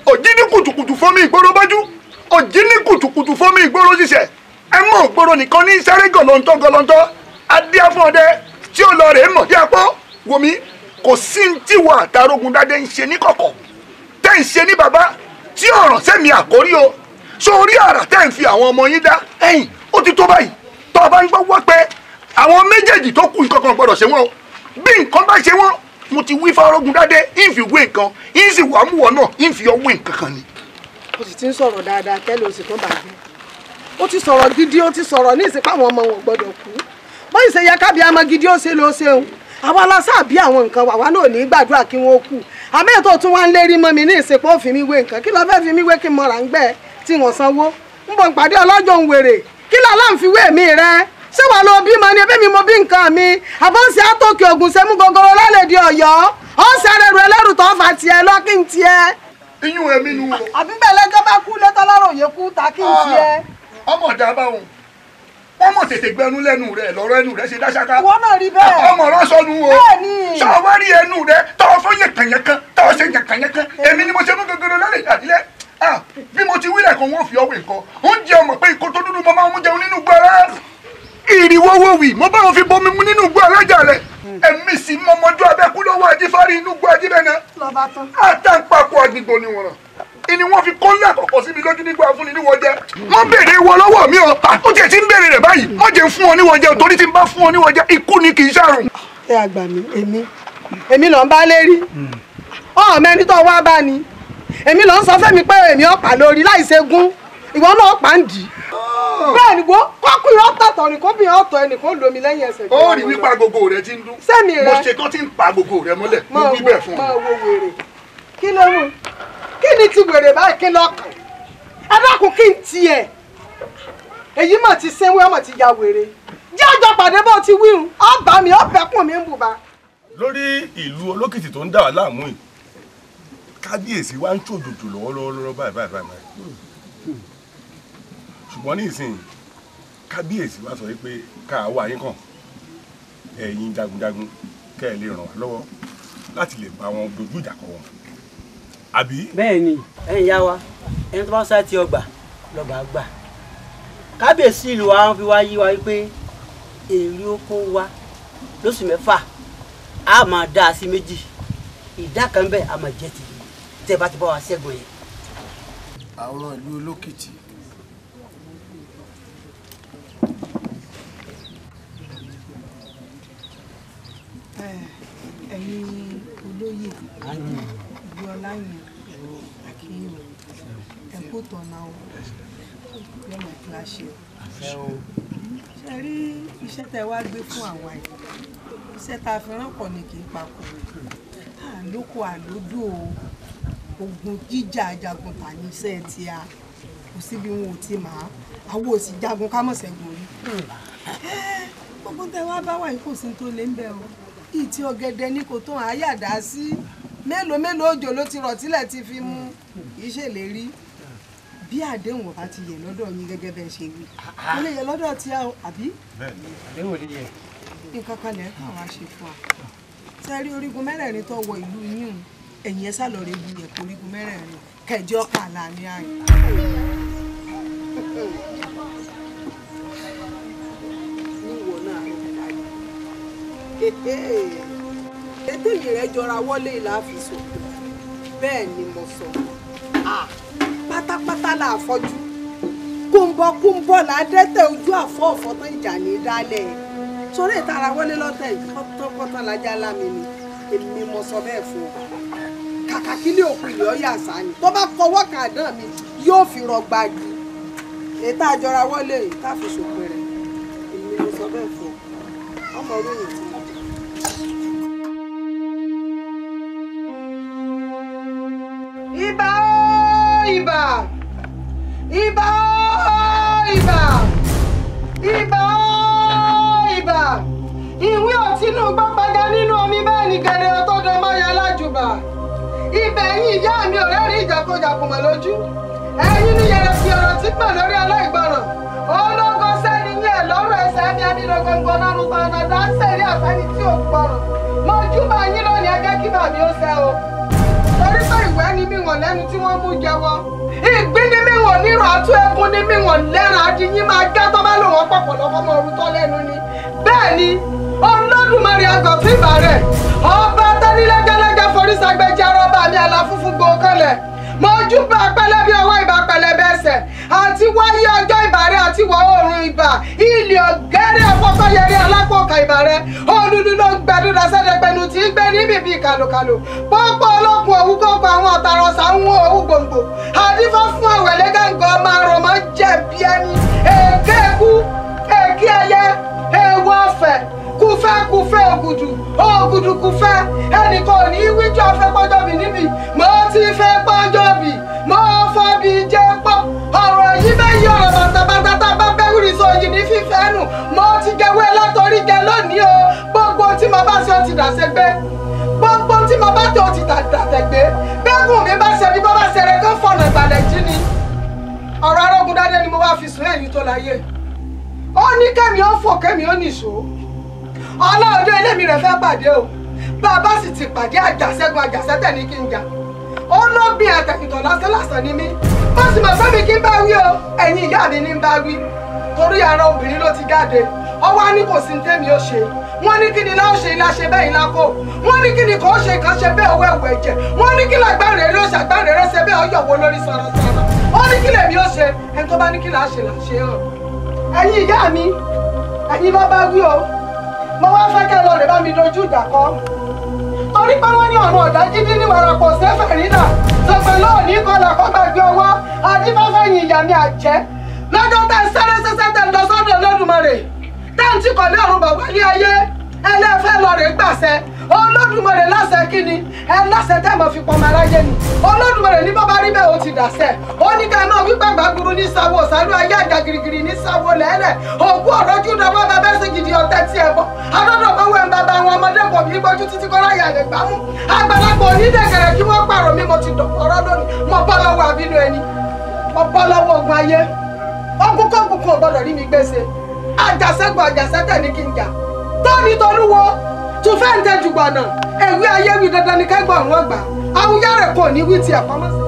wọ́n ní kùtùkùtù bájú kùtùkùtù ìgboro ṣiṣẹ́ ẹ mọ ògboro nìkan ní sáré adé tí ó lọ rèé tẹ́ ń ṣe ní bàbá tí ọ̀ràn sẹ́mi àkórí o sórí àrà tẹ́ ń fi àwọn ọmọ yín dá ẹ̀yìn ó ti tó báyìí tó o ń gbọ́ wọ́ pé àwọn méjèèjì tó kù nǹkan kan gbọ́dọ̀ ṣe wọ́n o bí nǹkan bá ṣe wọ́n mo ti wí fárógun dáadé ìfi wé nǹkan ìsì wà mú wọn náà ìfi ọwé nǹkan kan ni. o sì ti ń sọ̀rọ̀ dáadáa tẹ́lẹ̀ o sì tún bàjẹ́ o ti sọ̀rọ̀ gidi o ti sọ̀rọ̀ ní ìsìnkú àwọn ọmọ wọn gbọ́dọ̀ kú bóyá ìṣèyẹ kábíyàmọ gidi ó ṣe ló àwa la sáà bí àwọn nǹkan wà wá náà ní gbàdúrà kí wọ́n kú àmẹ́yẹ tó tún wá ń lérí mọ́ mi ní ìsìnkú ó fi mí wé nǹkan kí lọ fẹ́ fi mí wé kí n mọ̀ra ń tí wọ́n sanwó ń bọ̀ ń fi wé mi rẹ ṣé wàá lọ ebí mi mo bí nǹkan mi àbọ̀nsẹ̀ àtòkè ògùn gogoro lálẹ́dí ọ̀yọ́ ń wọ́n mọ̀ tètè gbẹnu lẹ́nu rẹ̀ lọ́rọ̀ ẹnu rẹ̀ ṣe dáṣáká. wọ́n náà rí bẹ́ẹ̀. ọmọ rán sọnù o. bẹ́ẹ̀ni. sọ wá rí ẹnu rẹ̀ tọ́ ọ fún yẹ̀kànyẹ̀kan tọ́ ọ ṣe yẹ̀kànyẹ̀kan èmi ni mo ṣe mú gogoro lálẹ́ ìdàdílẹ̀. bí mo ti wílẹ̀ kan wọ́n fi ọwọ́ ìkọ oúnjẹ ọmọ pé ikó tó dúdú mo máa ń jẹun nínú igbó ara. ìrìwọ́ wo wì mo bá wọn fi bomi mu nínú igbó alájà rẹ̀ ẹ̀mí sì mọ́mọ́dún abẹ́kú lọ́wọ́ ajífárí inú igbó ajíbẹ̀ náà. lọ́ba tán. àtàǹpàkò àgbègbè ni wọ́n rán ni wọ́n fi kó lẹ́kọ̀ọ̀kọ̀ síbi lójú nígbà fúnni níwọ̀ jẹ́ wọ́n béèrè wọ lọ́wọ́ mi o ó jẹ́ tí ń béèrè rẹ̀ báyìí wọ́n jẹ́ fún ọ níwọ̀ jẹ́ torí tí ń bá fún ọ níwọ̀ jẹ́ ikú ni kì í ṣàrùn. ẹ àgbà mi èmi èmi ló ń bá lérí ọ̀hún mẹ́ni tó wá bá ni èmi ló ń sọ fẹ́mi pé èmi ọ̀pá lórí láì ṣẹ́gun ìwọ náà ọ̀pá ń dì í oh. bẹ́ẹ̀ ni wo kọ́kùn irọ́ tọ̀tọ̀ ni kó bí ọ̀tọ̀ ẹnì kó lomi lẹ́yìn ẹsẹ̀. ó rí wípa gbogbo rẹ ti ń dún. sẹ́mi rẹ mo ṣe kán ti ń pa gbogbo rẹ mọ́lẹ̀ mo wí bẹ́ẹ̀ fún ọ. máa wo wèrè kí ló mú kí ni ti wèrè báyìí kí lọ́kàn adákùn kí n tiẹ̀ èyí mà ti sẹ́wé ọmọ ti ya wèrè jẹ́ ọjọ́ pàdé bó ti wíhun ọba mi ọbẹ̀kùn mi ń bùbá. lórí ìlú olókìtì tó ń dà wá láàmú yìí kábíyèsí wa ń tòjòjò lọ́wọ́lọ́wọ́ báyìí báyìí báyìí ṣùgbọ́n ní ìsìn kábíyèsí wa sọ pé ká wá yín kàn ẹ̀yin jagunjagun kẹ́ ẹ lè ràn wá lọ́wọ́ láti lè bá wọn dojú ìjà kọ wọn àbí. bẹ́ẹ̀ ni ẹ̀yin yá wa ẹni tó bá sá ti ọgbà lọ́gbà gbà kábíyèsí ìlú wa fi wá yí wa wípé èrè oko wa lóṣù mẹ́fà a máa dá a sí méjì ìdá kan bẹ́ẹ̀ a máa jẹ́ ti tẹ́ bá ti bá wa ṣẹ́gun yẹn. àwọn ìlú olókìtì ẹ̀yin olóyè. Abíọ́lá yẹn a ṣe o. ogun jíjà jagun tà ní iṣẹ́ tí a kò síbi wọn ò ti máa àwọn ò jagun ká mọ̀ ṣẹ́gun gbogbo tẹ wá bá wà yìí kò sí tó lé ń bẹ o ìtì ọ̀gẹ̀dẹ̀ ni kò tó àyàdá sí mélòó mélòó òjò ló ti rọ̀ tílẹ̀ ti fi mú yìí ṣèlérí bí àdéhùn ọba ti yẹ lọ́dọ̀ yín gẹ́gẹ́ bẹ́ẹ̀ ṣe wí ó lè yẹ lọ́dọ̀ tí a àbí. àdéhùn lè yẹ. nǹkan kan lè kàn wá ṣe fún wa sẹ́rí orígun mẹ́rẹ̀ẹ̀rin tó wọ ìlú yín ẹ̀yìn ẹ̀ sálọ̀rẹ́ ibi yẹn kó orígun mẹ́rẹ̀ẹ̀rin kẹjọ kà láàrin àyè. Hey, hey tèmi rẹ jọra wọlé ìlà àfisùn bẹ́ẹ̀ ni mo sọ pátápátá là àfọ́jú kúńbọ́kúńbọ́ là á dẹ́tẹ̀ ojú àfọ́ ọ̀fọ́ ìjà ní dálẹ̀ torí ìtara wọlé lọ́tẹ̀ pátápátá lájà lámì ni èmi mo sọ bẹ́ẹ̀ fún ọ kàkà kí ní òkú ilé ọyà àṣà tó bá kọwọ́ kan mi yóò fi rọgba jù ètò àjọra wọlé yìí káfíṣòpin èmi mo sọ bẹ́ẹ̀ fún ọ ọmọ orí yìí Iba, iba, iba, iba. ìwé ọ̀tínú gbọ́gbọ́dá nínú omi bẹ́ẹ̀ ni gẹ̀rẹ́ ọtọ́dọ̀ mọ́ya lájùbà ibẹ̀ yìí ìyá mi ò rẹ́rìn ìjàkojàkùn mọ̀ lójú ẹ̀yin ni yẹ̀rẹ̀ fi ọ̀rọ̀ tí pẹ̀ lórí aláìgbọràn ológun sẹ́ni ní ẹ̀ lọ́rọ̀ ẹsẹ̀ ẹni ẹni lọ́gọ́ngọ́ lọ́rùn tọ́nà dáńsẹ̀ rí àfẹ́ni tí ò gbọràn mọ́jú bá yín lónìí ẹgẹ́ kí bàmí ó sẹ́ o torí pé ìwé ni mí wọ̀n lẹ́nu tí wọ́n mú jẹ́wọ́ ìgbín ni mí wọ̀n nírọ̀ àtú ẹkún ni mí wọ̀n lẹ́ran adiyín máa gá tó bá lòun ọ̀pọ̀pọ̀ lọ́kọ́ mọ orúkọ lẹ́nu ni bẹ́ẹ̀ ni Olódùmarè àgọ̀tìbà rẹ̀ ọba tẹ́lílẹ́gẹ́lẹ́gẹ́ forí sagbẹ́jẹ́ rọ́bà mi àlàfúnfún gbòókànlẹ̀ mo júbà pẹlẹbí ọwọ́ ibà pẹlẹbẹ ẹsẹ̀ àti wáyé ọjọ́ ìbàrẹ́ àti ìwọ̀ oòrùn ibà ilé ọ̀gẹ́rẹ́ afọ́fọ́yẹrí alápòkà ìbàrẹ́ olúlu ló ń gbẹdúrà sẹ́dẹ̀gbẹ̀nu tí ń gbé ní bìbí kàlùkàlù pọ́pọ́ olókùn òwú kọ́kọ́ àwọn ọ̀tàrọ̀ sàwọn òwú gbòǹgbò àdífọ́ fún ọ̀wẹ̀lẹ́ gàǹgọ̀ ọmọ àròmọ́ jẹ̀bi ẹni èké ẹkú èké ẹyẹ ewu ọ̀fẹ́ kú fẹ́ kú fẹ́ ògùdù ògùdù kú fẹ́ ẹnìkan ò ní wíjọ fẹ́ pọ́jọ́ bì níbi mo ti fẹ́ pọ́jọ́ bì mo fọ́ bí jẹ́ pọ́ ọ̀rọ̀ yìí fẹ́ yí ọ̀rọ̀ bàtàbàtà tá a bá fẹ́ wúri sọ yìí ní fífẹ́ nù mo ti gẹwé látọrí gẹ lónìí o gbogbo tí mo bá ṣe ó ti dàṣẹgbẹ́ gbogbo tí mo bá tẹ ó ti dàtẹ̀gbẹ́ bẹ́ẹ̀kùn mi bá ṣe bí bá bá ṣe rẹ kó fọ̀nà ìgbàlẹ̀ jí ni ọ̀rọ̀ arógundádé ni mo wá fi sùn ẹ̀yìn tó láyé ó ní kẹ́mi ó fò kẹ́mi ó nìṣó ọlọ́ọ̀dọ́ ẹlẹ́mi rẹ̀ fẹ́ pàdé o bàbá sì ti pàdé àjàṣẹ́gun àjàṣẹ́tẹ̀ ní kí n jà ó lóbìn àtẹ̀kìtọ̀ lásán lásán ni mí má sì mọ̀ sọ́mi kí n bá wí o ẹ̀yin ìyá mi ní n bá wí torí ara obìnrin ló ti jáde ọwọ́ á ní kò sí tẹ́mi ó ṣe wọ́n ní kí ni láó ṣe ilá ṣe bẹ́ẹ̀ ilá kó wọ́n ní kí ni kò ṣe kan ṣe bẹ́ẹ̀ owó ẹ̀wọ̀ ẹ̀jẹ̀ wọ́n ní kí lágbára eré òṣà gbára eré ṣe bẹ́ẹ̀ ọyọ̀wọ́ lórí sọ̀rọ̀sọ̀rọ̀ ó ní kí lèmi ó ṣe ẹni tó bá ní kí láá ṣe là ṣe hàn ẹ̀yin ìyá mi ẹ̀yin lọ́ bá wí o mo wá fẹ́ kẹ́ lọ lè bá mi dojú ìjà kọ torí pé wọ́n ní ọ̀nà ọ̀dájú dídí wàràpọ̀ sẹ́fẹ̀ rínà sọ̀pẹ̀ náà ní kọlà kọ́ gbàgbé ọwọ́ adífẹ́fẹ́ yìn ìyá mi àjẹ́ lọ́jọ́ tẹ̀ sẹ́rẹ́ sẹ́sẹ́ tẹ̀ lọ sọ́dọ̀ Olódùmarè tẹ́ǹtì kọ̀lé ọ̀run bàbá ní ayé ẹlẹ́fẹ́ lọ rè gbàṣẹ olódùmarè láṣẹ kí ni ẹ láṣẹ tẹ́ mọ̀ fi pọnmọ aráyé ni olódùmarè ní bọ́bá rí bẹ́ẹ̀ ó ti dàṣẹ ó ní ká máa wípé gbàgburu ní sáwọ sálú ayé àjà girigiri ní sáwọ lẹ́lẹ̀ òkú ọ̀rọ̀ jù dọ́wọ́ bàbá ẹ̀sìn gidi ọ̀tẹ́ tiẹ̀ bọ́ adọ́dọ̀ bá wẹ̀ ń bàbá àwọn ọmọdé pọ̀ bí gbójú títí kọ́lá yà rẹ̀ gbámú àgbàlagbọ̀ onídẹ̀gẹ̀rẹ̀ kí wọ́n pààrọ̀ mi mo ti dọ̀kọ̀rọ̀ lónìí mo bọ́ lọ́wọ́ àbínú ẹni mo bọ́ lọ́wọ́ ogun ayé ogun kọ́kùn kan ò gbọ́dọ̀ rí mi gbèsè àjàṣẹ́gun àjàṣẹ́tẹ̀ ní kí n jà tóbi tolúwo tún fẹ́ ń tẹ́jú gbọ̀nà ẹ̀wí ayé wí dandan ni kẹ́gbọ̀n wọn gbà Awúyárẹ̀ kò ní wí tiẹ̀ pamọ́ sí.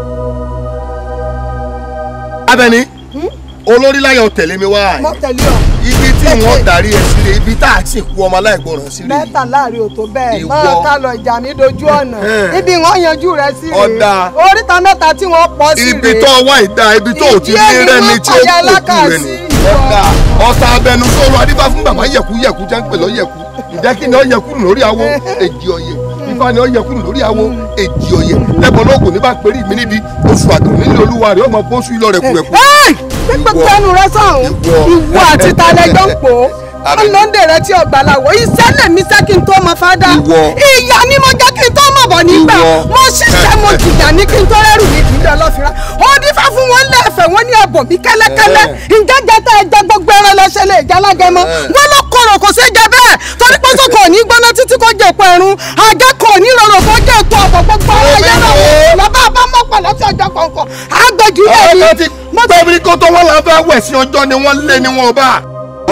Abẹ́ni hmm? olórí láyọ̀ tẹ̀lé mi wá ibi tí wọ́n darí ẹ sílé ibi tá a sì kú ọmọ aláìgbọràn sílé. mẹ́ta láàrin òtó bẹ́ẹ̀ máa ká lọ ìjà mi dojú ọ̀nà ibi wọ́n yanjú rẹ̀ sí rèé oríta mẹ́ta tí wọ́n pọ̀ sí rèé. ibi tó wá ìdá ibi tó ti ní rẹ́ni tí ó kò kú rẹ̀ ni ọ̀dà ọ̀sà abẹnusọ̀rọ̀ adíbá fún bàbá yẹ̀kú yẹ̀kú jẹ́ ń pè lọ́ yẹ̀kú ìdẹ́kì ni ó yẹ kúrò lórí awo èjì ọ̀yẹ̀ ifá ni ó yẹ kúrò lórí awo èjì ọ̀yẹ̀ lẹ́bọ̀ lóògùn ní bá péré mi níbi oṣù àtọ̀ nílé olúwa rẹ̀ ó mọ bóṣù ilọ̀ rẹ̀ kúrẹ̀kú. pípẹ́ tẹnu rẹ sọ̀hún ìwọ àti talẹ́jọ́ pò ó ọlọ́ndẹ̀rẹ́ tí ọgbà làwọ̀ iṣẹ́ lèmi sẹ́kì tó mọ fádà ìyá ni mo jẹ́ kí n tó bọ̀bọ̀ nígbà mo ṣiṣẹ́ mo jìjà ní kí n tó rẹ́rù mi kì í dán lọ́fìrá ó dífá fún wọn lẹ́ẹ̀fẹ̀ wọn ní ẹ̀bọ̀ mi kẹ́lẹ́kẹ́lẹ́ ìjẹ́jẹ́ tẹ́ ẹ jẹ gbogbo ẹran lọ́ṣẹ́ lè jẹ́ alágẹmọ wọn lọ kọ̀rọ̀ kò ṣe jẹ bẹ́ẹ̀ torí pé tó kò ní gbóná títí kò jẹ èpo ẹ̀rùn àjẹ kò ní rọrọ̀ kò jẹ èpo ọ̀pọ̀ gbogbo ara yẹn náà lọ́ba bá mọ̀ pọ̀ lọ́sẹ̀ ọjọ́ kọ̀ọ̀kan àgbẹ̀jù yẹn ni. ọ̀rọ̀ kan ti tóbi kó tó wọ́n la fẹ́ wẹ̀ sí ọjọ́ ni wọ́n lé ni wọ́n bá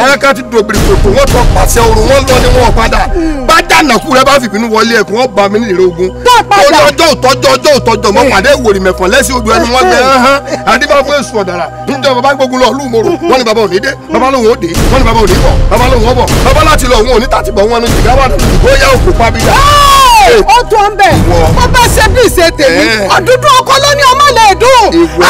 àwọn kan ti dùn gbèrègbèrègbè wọn tọ pàṣẹ oru wọn lọ ni wọn padà bájà nàkú rẹ bá fìbínú wọlé ẹkùn wọn bá mi nílẹ̀ ogun ọjọ́ ọjọ́ òtọ́jọ́ ọjọ́ òtọ́jọ́ mọ pàdé ìwòrì mẹ̀fọ́n lẹ́sìn odò ẹni wọn gbẹ ẹhán àdìbá fún èso ọ̀dàrà níjọ bàbá gbógun lọ lùmọ̀rọ̀ mm-hmm. wọn ni bàbá òní dé bàbá lòun ò dé wọn ni bàbá òní bọ̀ bàbá lòun ò bọ̀ bàbá láti lọ òun òní tàtìbọ̀ wọn ni jìgá wà lóyà òkú pàbíyà ṣe. ó tó ń bẹ̀ bó bá ṣe bí ṣe tèmi ọ̀dúndún ọkọ ló ní ọmọ lè dùn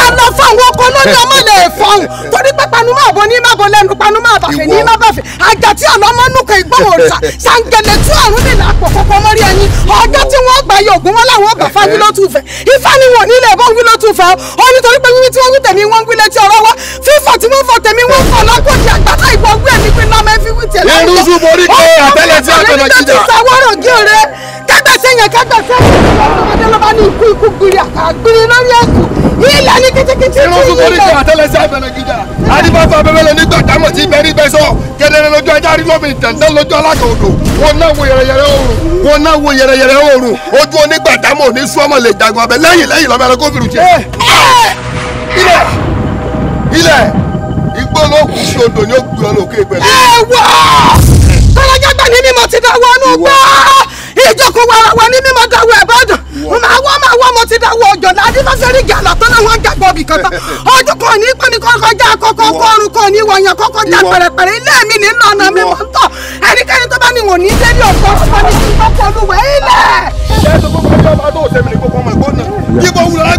àlọ́ fáwọn ọkọ ló ní ọmọ lè fọhùn torí pé panumọ́ àbọ̀ ní má bọ̀ lẹ́nu panumọ́ àbàfẹ́ ní má bàfẹ́ àjà tí àlọ́ máa ń nù kẹ́ ìgbọ́wọ̀ ta ṣàǹgẹ̀lẹ̀ tú àrùn nìlà àpòkọ́kọ́ mọ́rí ẹni ọjọ́ tí wọ́n gba iye ògùn wọn làwọn ọgbà fani ló tún fẹ́ ifá ni wọn nílẹ̀ bọ́ wí ló tún fẹ́ ó nítorí pé wíwí tí wọ́n wí tẹ̀mí wọ́n wí létí ọ̀rọ̀ wa fífọ̀ tí wọ́n fọ tẹ̀mí wọ́n fọ lọ́kọ̀dì àgbàdo ìgbọ̀ wí ẹ̀mí pé lọ́mọ ẹ fi wí tẹ̀ lọ́wọ́. irú gbèsè yẹn ká ọmọdé ló bá ní ikú ikú gbiri àká lórí ẹkù ilẹ̀ ní kìtìkìtì tí ìlú rẹ̀. irun kúkúrú àtẹlẹ abẹlẹ gíga adibafa abẹbẹlẹ nígbà táwọn ti bẹrí bẹ sọ kẹdẹrẹ lójú ajá rí lómi lójú alága odò wọn náà wo yẹrẹyẹrẹ oòrùn wọn náà wo yẹrẹyẹrẹ oòrùn ojú onígbà táwọn ní súnmọ lè jagun abẹ lẹ́yìn lẹ́yìn lọmọ ẹranko jẹ. Eh! ilẹ̀ ilẹ̀ igbó ló ni ó gbé ọ ìjókòó wàrà wà ní mímọ́ dáwọ́ ẹ̀ bọ́dọ̀ màá wọ́ màá mo ti dáwọ́ ọjọ́ ládé bá fẹ́ rí gàlà tó náà bì kankan ọdún kan ní pẹ́ni kọ́kọ́ já kọ́kọ́ kọ́run kan ní wọ̀nyẹn kọ́kọ́ já pẹ̀rẹ̀pẹ̀rẹ̀ ilé mi ní nànà mi mọ̀ ń tọ̀ tó bá ní wọ̀n ní délé ọ̀gbọ́n ọ̀gbọ́n ní kí n kọ́kọ́ olúwẹ̀ ilẹ̀. ṣé ẹ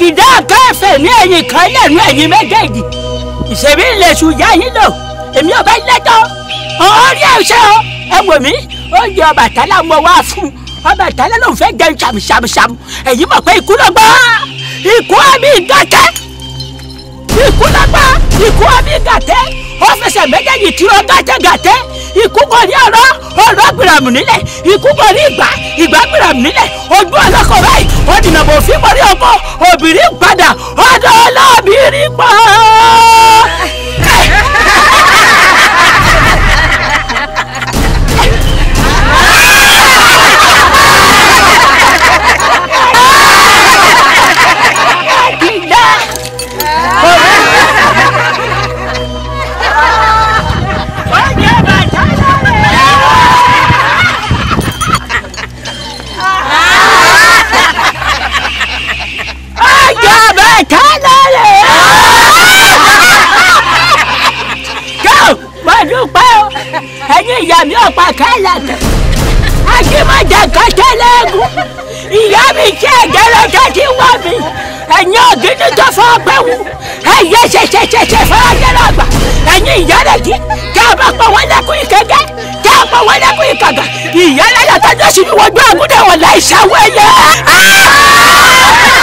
òkìdá àkàfẹ́ ní ẹ̀yìn kan lẹ́nu ẹ̀yìn méjèèjì ìṣèbí ìlẹ̀sù yá yín lò èmi ọba lẹ́tọ́ ọ̀ọ́rí ẹ̀ṣẹ́ ọ ẹ wò mí oúnjẹ Ọbàtálá mo wá fún Ọbàtálá ló ń fẹ́ jẹun ṣàmùṣàmùṣàmù èyí mọ̀ pé ikú ló gbọ́ ikú àbí ìdákẹ́ ikú ló gbọ́ ikú àbí gàtẹ́ ó fẹsẹ̀ méjèèjì tí ó gàtẹ́ gàtẹ́ ikú kò rí ọ̀rọ̀ ọ̀rọ̀ gbìràmù nílẹ̀ ikú kò rí ìgbà ìgbà gbìràmù nílẹ̀ ojú ọlọ́kọ̀ báyìí ó dìnà bò fí mọ́rí ọkọ obìnrin padà ọ̀dọ̀ ọlọ́bìnrin pọ̀. àtàlọ́lẹ̀. tó mo dúpẹ́ o ẹ̀yin ìyá mi ọ̀pá kálàkà akímọ̀jà kan tẹ́lẹ̀gùn ìyá mi tí ẹ̀jẹ̀ lọ́jọ́ ti wá mi ẹ̀yin ògidì tó fọ́ pẹ́wù ẹ̀yẹ ṣẹṣẹṣẹṣẹ fọ́lájẹ́rọ̀ àgbà ẹ̀yin ìyálẹ̀jì tá a bá pọ̀ wọ́n lẹ́kùn ìkẹ́kẹ́ tá a pọ̀ wọ́n lẹ́kùn ìkàgà ìyálẹ̀jì